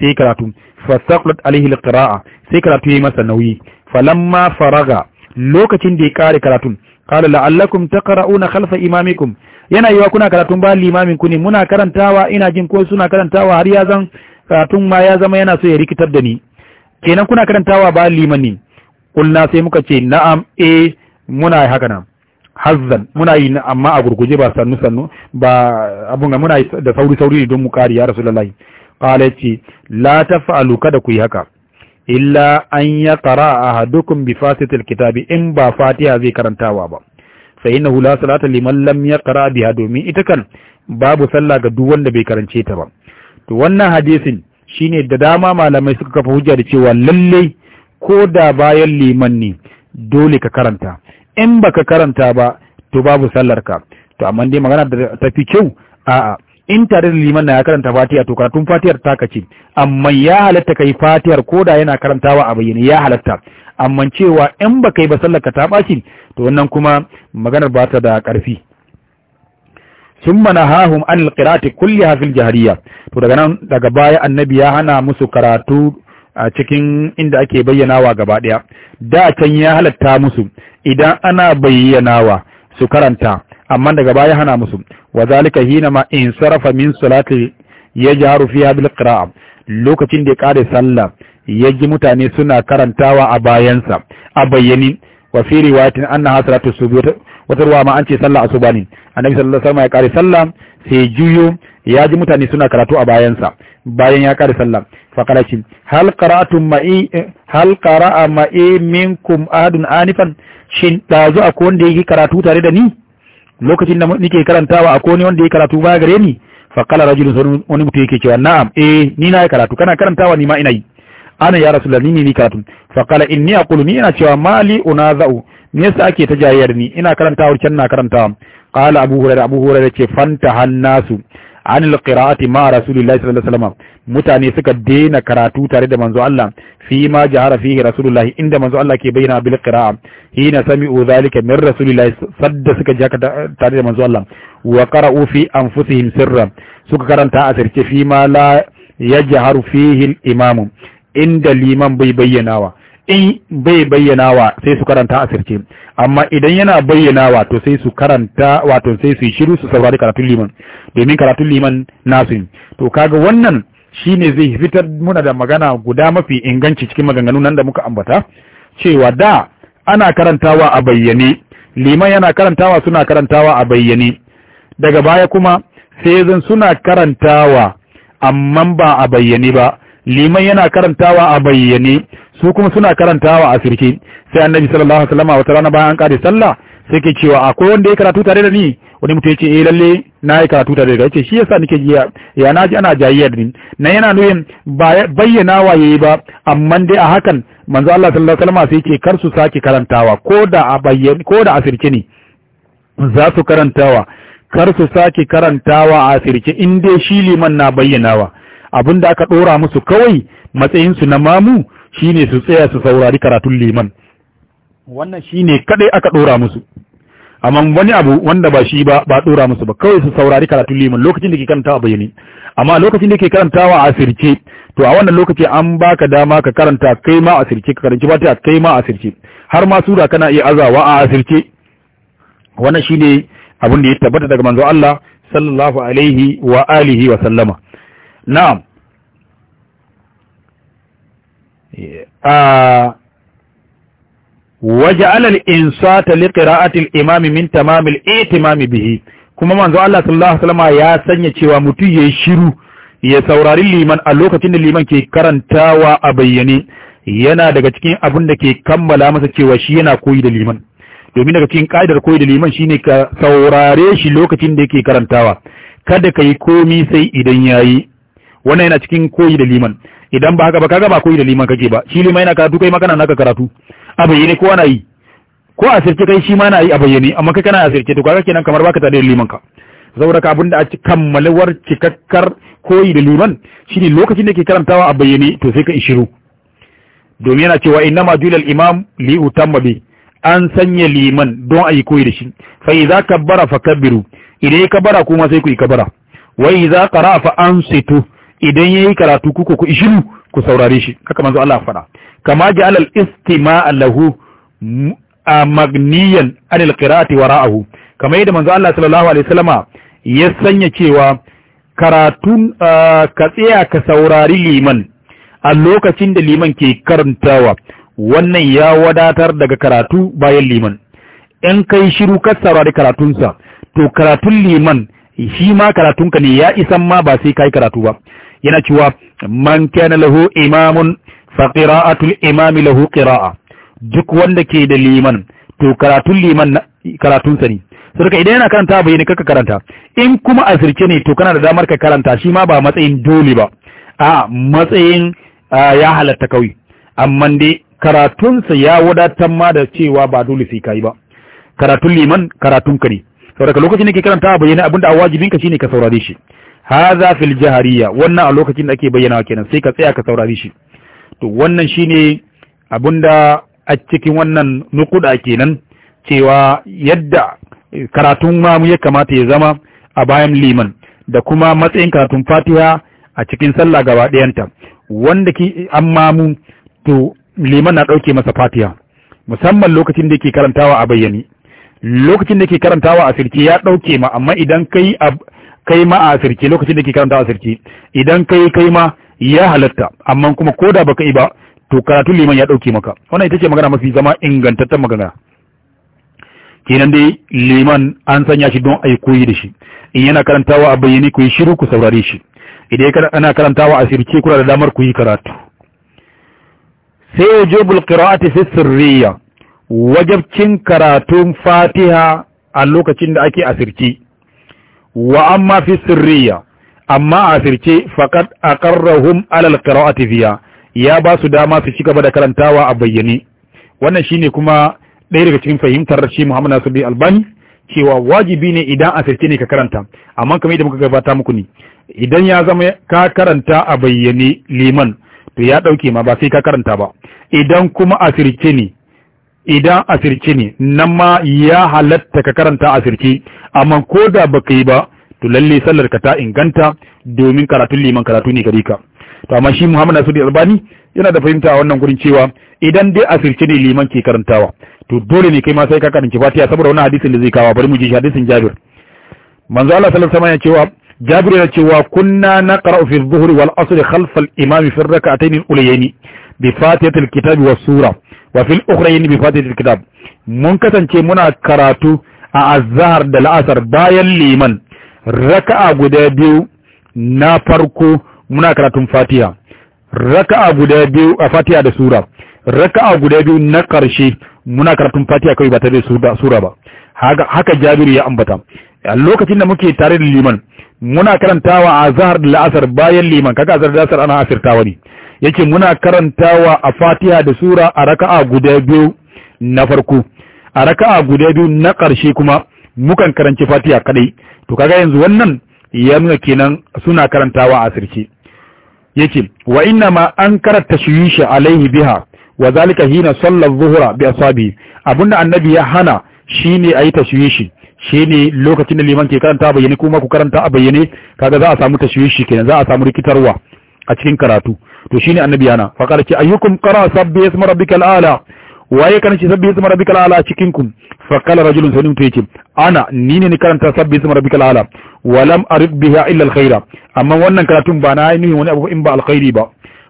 sai karatu fa saqlat alaihi alqira'a sai karatu yayi masa nauyi falamma faraga lokacin da ya kare karatun qala la'allakum taqra'una khalfa imamikum yana yiwa kuna karatun ba limamin ku ne muna karantawa ina jin ko suna karantawa har ya zan karatun ma ya zama yana so ya rikitar da ni kenan kuna karantawa ba liman ne kulna sai muka ce na'am eh muna haka nan hazan muna yi amma a gurguje ba sannu sannu ba abun ga muna da sauri sauri ne don mu kari ya rasulullahi qala ce la taf'alu kada ku yi haka illa an ya qara ahadukum bi fatihatil kitabi in ba fatiha zai karantawa ba fa innahu la salata liman lam yaqra biha domin ita kan babu sallah ga duk wanda bai karance ta ba to wannan hadisin shine da dama malamai suka kafa hujja da cewa lalle ko da bayan limanni dole ka karanta in baka karanta ba to babu sallarka to amma dai magana da tafi kyau a'a in tare da liman na ya karanta fatiha to karatun fatihar taka kace amma ya halatta kai fatihar da yana karantawa a bayyane ya halatta amma cewa in baka yi ba sallarka ta baci to wannan kuma maganar ba ta da karfi summa hahu an alqira'ati kulliha fil jahriya to daga nan daga baya annabi ya hana musu karatu a cikin inda ake bayyanawa gaba ɗaya da can ya halatta musu idan ana bayyanawa su karanta amma daga baya hana musu wa zalika hina ma in sarafa min salati jaru fiha bil qira'a lokacin da ya kare sallah ya ji mutane suna karantawa a bayansa a bayyani wa fi riwayatin annaha salatu subhi wata ruwa ma an ce sallah asuba annabi sallallahu alaihi wasallam ya kare sallah sai juyo ya ji mutane suna karatu a bayansa bayan ya kare sallah faƙala ce hal ƙara'a ma'e minkum ahadun anifan ɗazu a wanda yake karatu tare da ni lokacin da nike karantawa a kone wanda ya karatu ba gare ni faƙala rajulun sauran wani mutum yake cewa na'am ni na karatu kana karantawa ni ma ina yi ana ya rasu ni ne karatu faƙala in ni a kulu ni ina cewa mali una za'u me yasa ake ta jayayyar ni ina karantawa can na karantawa ƙala abu hurairu abu hurairu ce fanta hannasu anil qira'ati ma rasulillahi sallallahu alaihi wasallam mutane suka daina karatu tare da manzo Allah fi ma jahara fihi rasulullahi inda manzo Allah ke bayyana bil qira'a hina sami'u zalika min rasulillahi sadda suka ji tare da manzo Allah wa qara'u fi anfusihim sirra suka karanta a sirce fi ma la yajharu fihi al imam inda liman bai bayyanawa in bai bayyanawa sai su karanta a sirce amma idan yana bayyana wato sai su karanta wato sai su shiru su saurari karatun liman domin karatun liman nasu to kaga wannan shine zai fitar muna da magana guda mafi inganci cikin maganganu nan da muka ambata cewa da ana karantawa a bayyane liman yana karantawa suna karantawa a bayyane daga baya kuma sai zan suna karantawa amma ba a bayyane ba liman yana karantawa a bayyane su kuma suna karantawa a firke sai annabi sallallahu alaihi wasallam wata rana bayan an kare sallah sai ke cewa akwai wanda ya karatu tare da ni wani mutum ya ce eh lalle na yi karatu tare da ce shi yasa nake jiya ya na ji ana jayyar ni na yana nuyin bayyana wa yayi ba amma dai a hakan manzo Allah sallallahu alaihi wasallam sai ke kar su saki karantawa ko da a bayyane ko da a firke ne za su karantawa kar su saki karantawa a firke in dai shi liman na bayyanawa abinda aka dora musu kawai matsayin su na mamu shine su tsaya su saurari karatun liman wannan shine kadai aka dora musu amma wani abu wanda ba shi ba ba dora musu ba kawai su saurari karatun liman lokacin da ke karanta a bayani amma lokacin da ke karantawa a asirce to a wannan lokaci an baka dama ka karanta kai ma asirce ka karanci ba kai ma asirce har ma sura kana iya azawa a asirce wannan shine abin da ya tabbata daga manzo Allah sallallahu alaihi wa alihi wa sallama na'am waje alal insata li qira'atil imami min tamamil itimami bihi kuma manzo Allah sallallahu alaihi wasallam ya sanya cewa mutum yayi shiru ya saurari liman a lokacin da liman ke karantawa a bayyane yana daga cikin abin da ke kammala masa cewa shi yana koyi da liman domin daga cikin ka'idar koyi da liman shine ka saurare shi lokacin da yake karantawa kada ka yi komi sai idan yayi wannan yana cikin koyi da liman idan ba haka ba kaga ba koyi da liman kake ba shi liman yana karatu kai ma kana naka karatu a bayyane kowa na yi ko a sirce kai shi ma na yi a bayyane amma kai kana a sirce to kaga kenan kamar baka tare da liman ka saboda ka abinda a ci kammalawar cikakkar koyi da liman shine lokacin da ke karantawa a bayyane to sai ka ishiru domin yana cewa ma dulal imam li utamma bi an sanya liman don a yi koyi da shi fa idza kabbara kabbiru idan ya bara kuma sai ku yi kabara wa idza qara fa ansitu idan ya yi karatu kuku ku ishiru ku saurare shi haka manzo Allah faɗa kama ja'ala alal istimaa lahu mm, a magniyan anil qira'ati wara'ahu kama yadda manzo Allah sallallahu alaihi wasallama ya sanya cewa karatun ka tsaya ka saurari liman a lokacin da liman ke karantawa wannan ya wadatar daga karatu bayan liman in kai shiru ka saurari karatunsa to karatun liman shi ma karatunka ne ya isan ma ba sai kai karatu ba yana cewa man kana lahu imamun fa qira'atul imami lahu qira'a duk wanda ke da liman to karatun liman karatun sa ne saboda idan yana karanta bai ne kaka karanta in kuma asirce ne to kana da damar ka karanta shi ma ba matsayin dole ba a matsayin ya halatta kawai amma dai karatunsa ya wadatar ma da cewa ba dole sai kai ba karatun liman karatun kani, saboda lokacin da ke karanta bayyana abinda da wajibin ka shine ka saurare shi haza fil jahariya wannan a lokacin da ake bayyana kenan sai ka tsaya ka saurari shi to wannan shine abunda a cikin wannan nukuda kenan cewa yadda karatun mamu ya kamata ya zama a bayan liman da kuma matsayin karatun fatiha a cikin sallah gaba ɗayanta wanda ki an mamu to liman na ɗauke masa fatiha musamman lokacin da yake karantawa a bayyane lokacin da yake karantawa a firki ya ɗauke ma amma idan kai kai ma a asirce lokacin da ke karanta asirce idan kai kai ma ya halatta amma kuma ko da baka yi ba to karatu liman ya dauke maka wannan ita ce magana mafi zama ingantaccen magana kenan dai liman an sanya shi don ai koyi da shi in yana karantawa a bayyane ku yi shiru ku saurare shi idan ana karantawa a sirce kuna da damar ku yi karatu sai wajibul qira'ati fi sirriya wajabcin karatun fatiha a lokacin da ake a sirki wa amma fi sirriya amma a sirce faqad aqarrahum ala alqira'ati fiya ya ba su dama su cigaba da karantawa a bayyane wannan shine kuma ɗaya daga cikin fahimtar shi Muhammad Nasiru Albani cewa wajibi ne idan a sirce ne ka karanta amma kamar yadda muka gabata muku ne idan ya zama ka karanta a bayyane liman to ya ɗauke ma ba sai ka karanta ba idan kuma a sirce ne idan asirci ne nan ma ya halatta ka karanta asirci amma ko da baka yi ba to lalle sallar ka ta inganta domin karatun liman karatu ne gare ka to amma shi Muhammad Nasiru Albani yana da fahimta a wannan gurin cewa idan dai asirce ne liman ke karantawa to dole ne kai ma sai ka karanci Fatiha saboda wannan hadisin da zai kawo bari mu ji hadisin Jabir manzo Allah sallallahu alaihi wasallam ya cewa Jabir ya cewa kunna na fi dhuhri wal 'asri khalfa al-imami fi ar-rak'atayn al-ulayayn bi Fatihatil kitabi was-sura wa fil ukhrayn bi fatihatil kitab mun kasance muna karatu a azhar da la'asar bayan liman raka'a guda biyu na farko muna karatun fatiha raka'a guda biyu a fatiha da sura raka'a guda biyu na karshe muna karatun fatiha kai ba ta da sura ba haka haka jabiru ya ambata a lokacin da muke tare da liman muna karantawa a zahar da la'asar bayan liman kaga azhar da la'asar ana asirtawa ne yake muna karantawa a fatiha da sura a raka'a guda biyu na farko a raka'a guda biyu na ƙarshe kuma mukan karanci fatiha kadai to kaga yanzu wannan ya nuna kenan suna karantawa a sirki. yake wa inna ma an karanta shuyushi alaihi biha wa zalika hina sallar zuhura bi asabi abunda annabi ya hana shine ayi tashwishi shine lokacin da liman ke karanta bayyane kuma ku karanta a bayyane kaga za a samu tashwishi kenan za a samu rikitarwa a cikin karatu to shine annabi yana fa qala ki ayyukum qara sabbi isma rabbikal ala waye kana ci sabbi isma rabbikal ala cikin ku fa rajulun sai mutum ana ni ne ni karanta sabbi isma rabbikal ala walam lam biha illa alkhaira amma wannan karatun ba na ainihin wani abu in ba alkhairi ba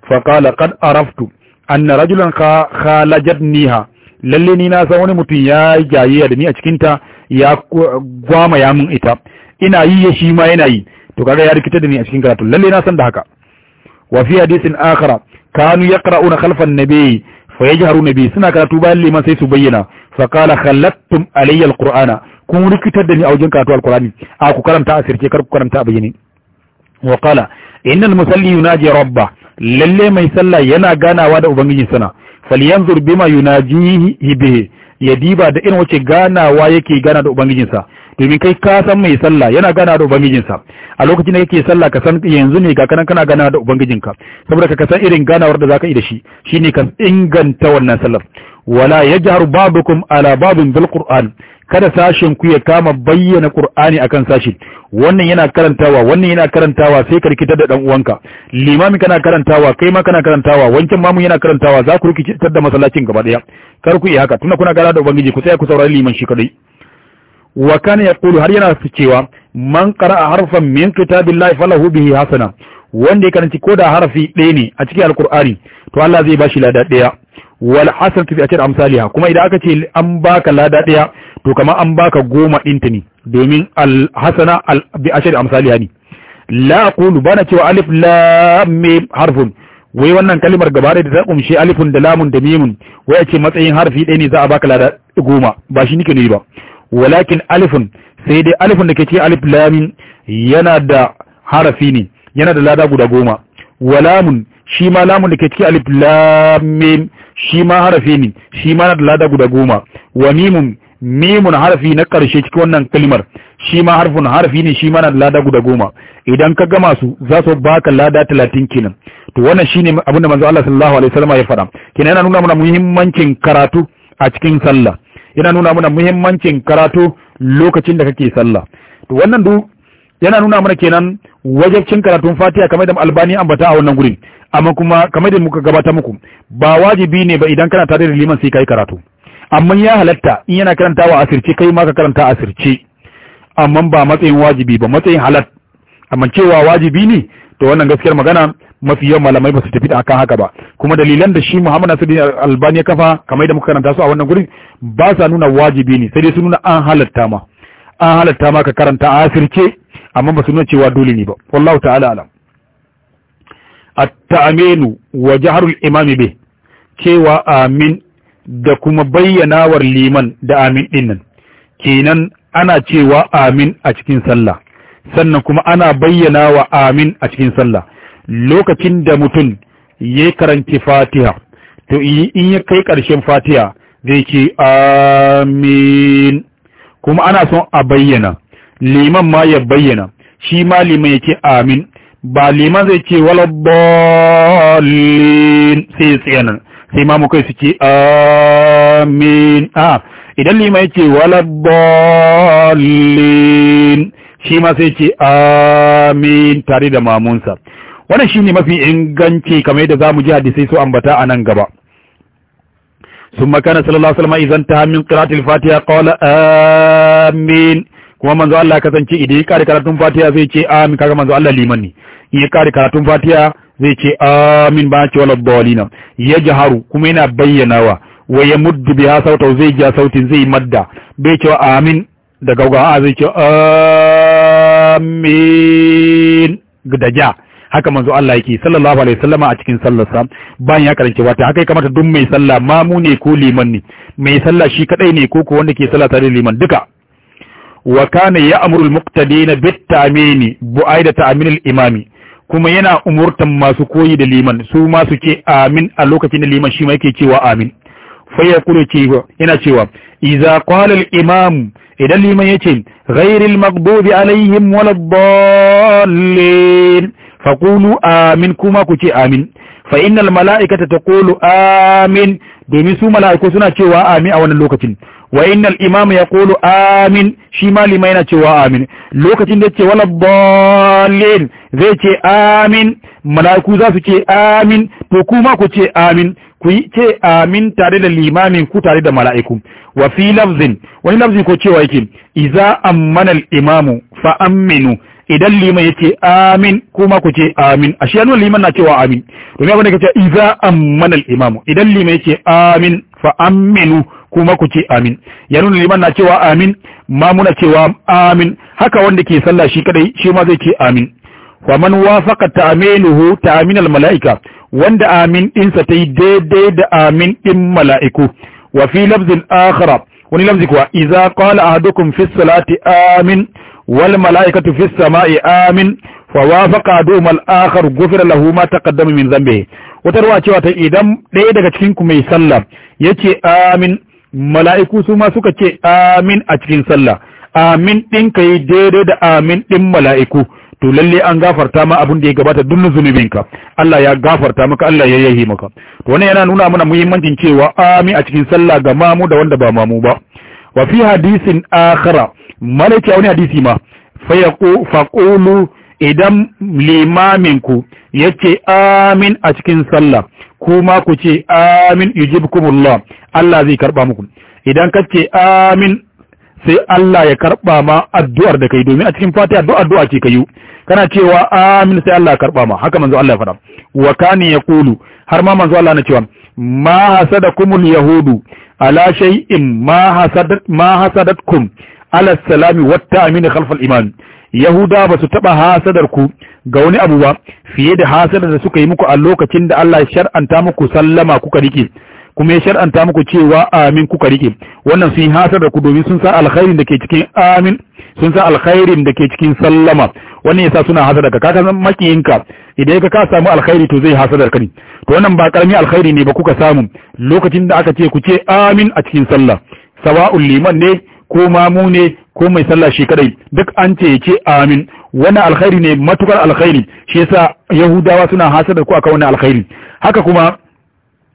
fa qala qad araftu anna rajulan khalajatniha lalle ni na san wani mutum ya jaye da ni a cikin ta ya gwama ya mun ita ina yi ya shi ma yana yi to kaga ya rikita da ni a cikin karatu lalle na san da haka wa fi hadisin akhara kanu yaqra'una khalfan nabi fa yajharu nabi suna karatu bayan liman sai su bayyana fa qala khallattum alayya alqur'ana kun rikitar da ni a wajen karatu alqur'ani a ku karanta a sirke kar ku karanta a bayyane wa qala innal musalli yunaji rabbah lalle mai sallah yana ganawa da ubangiji sana falyanzur bima yunajihi ya diba da irin wacce ganawa yake gana da ubangijinsa domin kai ka san mai sallah yana gana da ubangijinsa a lokacin da kake sallah ka san yanzu ne ga kana gana da ubangijinka saboda ka san irin ganawar da zaka yi da shi shine kan inganta wannan sallah wala yajhar babukum ala babin bil qur'an kada sashin ku ya kama bayyana qur'ani akan sashi wannan yana karantawa wannan yana karantawa sai ka rikitar da dan uwanka limami kana karantawa kai ma kana karantawa wancan mamu yana karantawa za ku rikitar da masallacin gaba daya kar ku yi haka tunda kuna gana da ubangiji ku sai ku saurari liman shi kadai wa kana yaqulu har yana su cewa man qara'a harfan min kitabillahi falahu bihi hasana wanda ya karanci ko da harafi ɗaya ne a cikin alkur'ani to Allah zai bashi lada ɗaya wal hasanatu bi ashri amsalha kuma idan aka ce an baka lada ɗaya to kamar an baka goma ɗinta ne domin al hasana al bi ashri amsalha ne la aqulu bana cewa alif lam mim harfun wai wannan kalmar gaba da ta kumshe alifun da lamun da mimun wai a ce matsayin harfi ɗaya ne za a baka lada goma ba shi nike ne ba walakin alifun sai dai alifun da ke ce alif lamin yana da harafi ne yana da lada guda goma walamun shi ma lamun da ke ce alif lamin shi ma harafi ne shi ma na da lada guda goma wa mimun mimun harafi na karshe cikin wannan kalmar shi ma harfin harafi ne shi ma na da lada guda goma idan ka gama su za su baka lada talatin kenan to wannan shine abin da manzo Allah sallallahu alaihi wasallam ya faɗa kenan yana nuna mana muhimmancin karatu a cikin sallah yana nuna mana muhimmancin karatu lokacin da kake sallah to wannan du yana nuna mana kenan wajibcin karatun Fatiha kamar da Albani ambata a wannan gurin amma kuma kamar da muka gabata muku ba wajibi ne ba idan kana tare da liman sai kai karatu amma ya halatta in yana karantawa asirce kai ma ka karanta asirce amma ba matsayin wajibi ba matsayin halal amma cewa wajibi ne to wannan gaskiyar magana mafi yawan malamai ba su tafi da akan haka ba kuma dalilan da shi Muhammad Nasiruddin Albani ya kafa kamar da muka karanta su a wannan gurin ba sa nuna wajibi ne sai dai su nuna an halatta ma an halatta ma ka karanta a asirce amma ba su nuna cewa dole ne ba wallahu ta'ala alam at-ta'minu wa al imami bi cewa amin da kuma bayyanawar liman da amin dinnan kenan ana cewa amin a cikin sallah sannan kuma ana bayyana wa amin a cikin sallah lokacin da mutum ya karanci fatiha to in ya kai ƙarshen fatiha zai ce amin kuma ana son a bayyana liman ma ya bayyana shi ma liman ya ce amin ba liman zai ce walabalin sai ya tsayana nan sai ma mukai su ce amin a idan liman ya ce walabalin shi ma sai ce amin tare da mamunsa wannan shine mafi inganci kamar yadda zamu ji hadisi su ambata a nan gaba ثم كان صلى الله عليه وسلم اذا انتهى من قراءه الفاتحه قال امين kuma manzo Allah kasance idan ya kare karatun Fatiha zai ce amin kaga manzo Allah liman ne ya kare karatun Fatiha zai ce amin ba ce wala dalina ya jaharu kuma yana bayyanawa wa ya muddu biha sautu zai ja sautin zai madda bai ce amin da gaugawa zai ce amin da haka manzo Allah yake sallallahu alaihi wasallama a cikin sallarsa bayan ya karanci wata haka ya kamata duk mai sallah mamu ne ko liman ne mai sallah shi kadai ne ko ko wanda ke sallah tare da liman duka wa kana ya'muru al-muqtadina bit-ta'mini bu'aida ta'min al-imami kuma yana umurtan masu koyi da liman su ma su ce amin a lokacin da liman shi ma yake cewa amin fa yaqulu cewa yana cewa iza qala al-imam idan liman yace ghayril maghdubi alaihim waladdallin faƙulu amin kuma ku ce amin fa innal mala'ikata taqulu amin domin su mala'iku suna cewa amin a wannan lokacin wa innal imama yaqulu amin shi malima yana cewa amin lokacin da ce wala dallin zai ce amin mala'iku za su ce amin to kuma ku ce amin ku ce amin tare da limamin ku tare da mala'iku wa fi lafzin wani lafzin ko cewa yake iza ammana al imamu fa aminu idan liman yace amin kuma ku ce amin ashe yana liman na cewa amin domin abin da kace idza ammana imamu idan liman yace amin fa aminu kuma ku ce amin ya nuna liman na cewa amin ma muna cewa amin haka wanda ke sallah shi kadai shi ma zai ce amin wa man wafaqa ta'minuhu malaika wanda amin ɗinsa ta yi daidai da amin din mala'iku wa fi lafzin akhara wani lamzi kuwa iza qala ahadukum fi salati amin wal malaikatu fi samai amin fa wafaqa ahaduhum al akhar ghufira lahu ma taqaddama min dhanbihi wata ruwa cewa ta idan ɗaya daga cikin ku mai sallah yace amin mala'iku su ma suka ce amin a cikin sallah amin ɗin ka yi daidai da amin ɗin mala'iku to lalle an gafarta ma abin da ya gabata duk zunubinka Allah ya gafarta maka Allah ya yahi maka to wannan yana nuna mana muhimmancin cewa ami a cikin sallah ga mamu da wanda ba mamu ba wa fi hadisin akhara malaka wani hadisi ma fa yaqu faqulu idan limaminku yace amin a cikin sallah kuma ku ce amin yujibkumullah Allah zai karba muku idan kace amin sai Allah ya karba ma addu'ar da kai domin a cikin fatiha addu'a addu'a ce kayu kana cewa amin sai Allah ya karba ma haka manzo Allah ya faɗa wa kana yaqulu har ma manzo Allah na cewa ma hasadakumul yahudu ala shay'in ma hasadat ma hasadatkum ala salami wata amina khalfal iman yahuda ba su taba hasadar ku ga wani abu ba fiye da hasadar da suka yi muku a lokacin da Allah ya shar'anta muku sallama kuka rike kuma ya shar'anta muku cewa amin kuka rike wannan sun hasar da ku domin sun sa alkhairin da ke cikin amin sun sa alkhairin da ke cikin sallama wannan yasa suna hasada ka kaga makiyinka idan ka ka samu alkhairi to zai hasadar ka ne to wannan ba karami alkhairi ne ba kuka samu lokacin da aka ce ku ce amin a cikin sallah sawa'ul liman ne ko mamu ne ko mai sallah shi kadai duk an ce ya ce amin wannan alkhairi ne matukar alkhairi shi yasa yahudawa suna da ku a wannan alkhairi haka kuma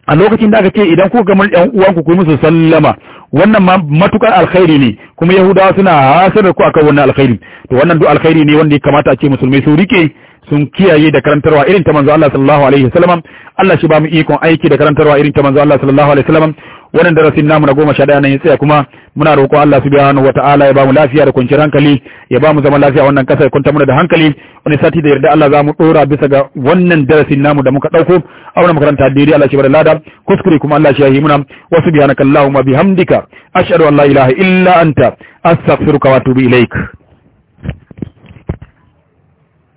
a lokacin da aka ce idan kuka gamar yan uwanku ku musu sallama wannan matukar alkhairi ne kuma yahudawa suna hasarar ku akan wannan alkhairi to wannan duk alkhairi ne wanda ya kamata a ce musulmai su rike sun kiyaye da karantarwa irin ta manzo Allah sallallahu alaihi wasallam Allah shi ba mu ikon aiki da karantarwa irin ta manzo Allah sallallahu alaihi wasallam wannan darasin namu na goma sha ɗaya nan ya tsaya kuma muna roƙo Allah subhanahu ta'ala ya bamu lafiya da kwanciyar hankali ya bamu zaman lafiya wannan ƙasa ya kwanta muna da hankali wani sati da yarda Allah za mu ɗora bisa ga wannan darasin namu da muka ɗauko a wani makaranta daidai Allah shi bar lada kuskure kuma Allah shi ya yi muna biyana subhanaka Allahumma bihamdika ashhadu an la ilaha illa anta astaghfiruka wa atubu ilaik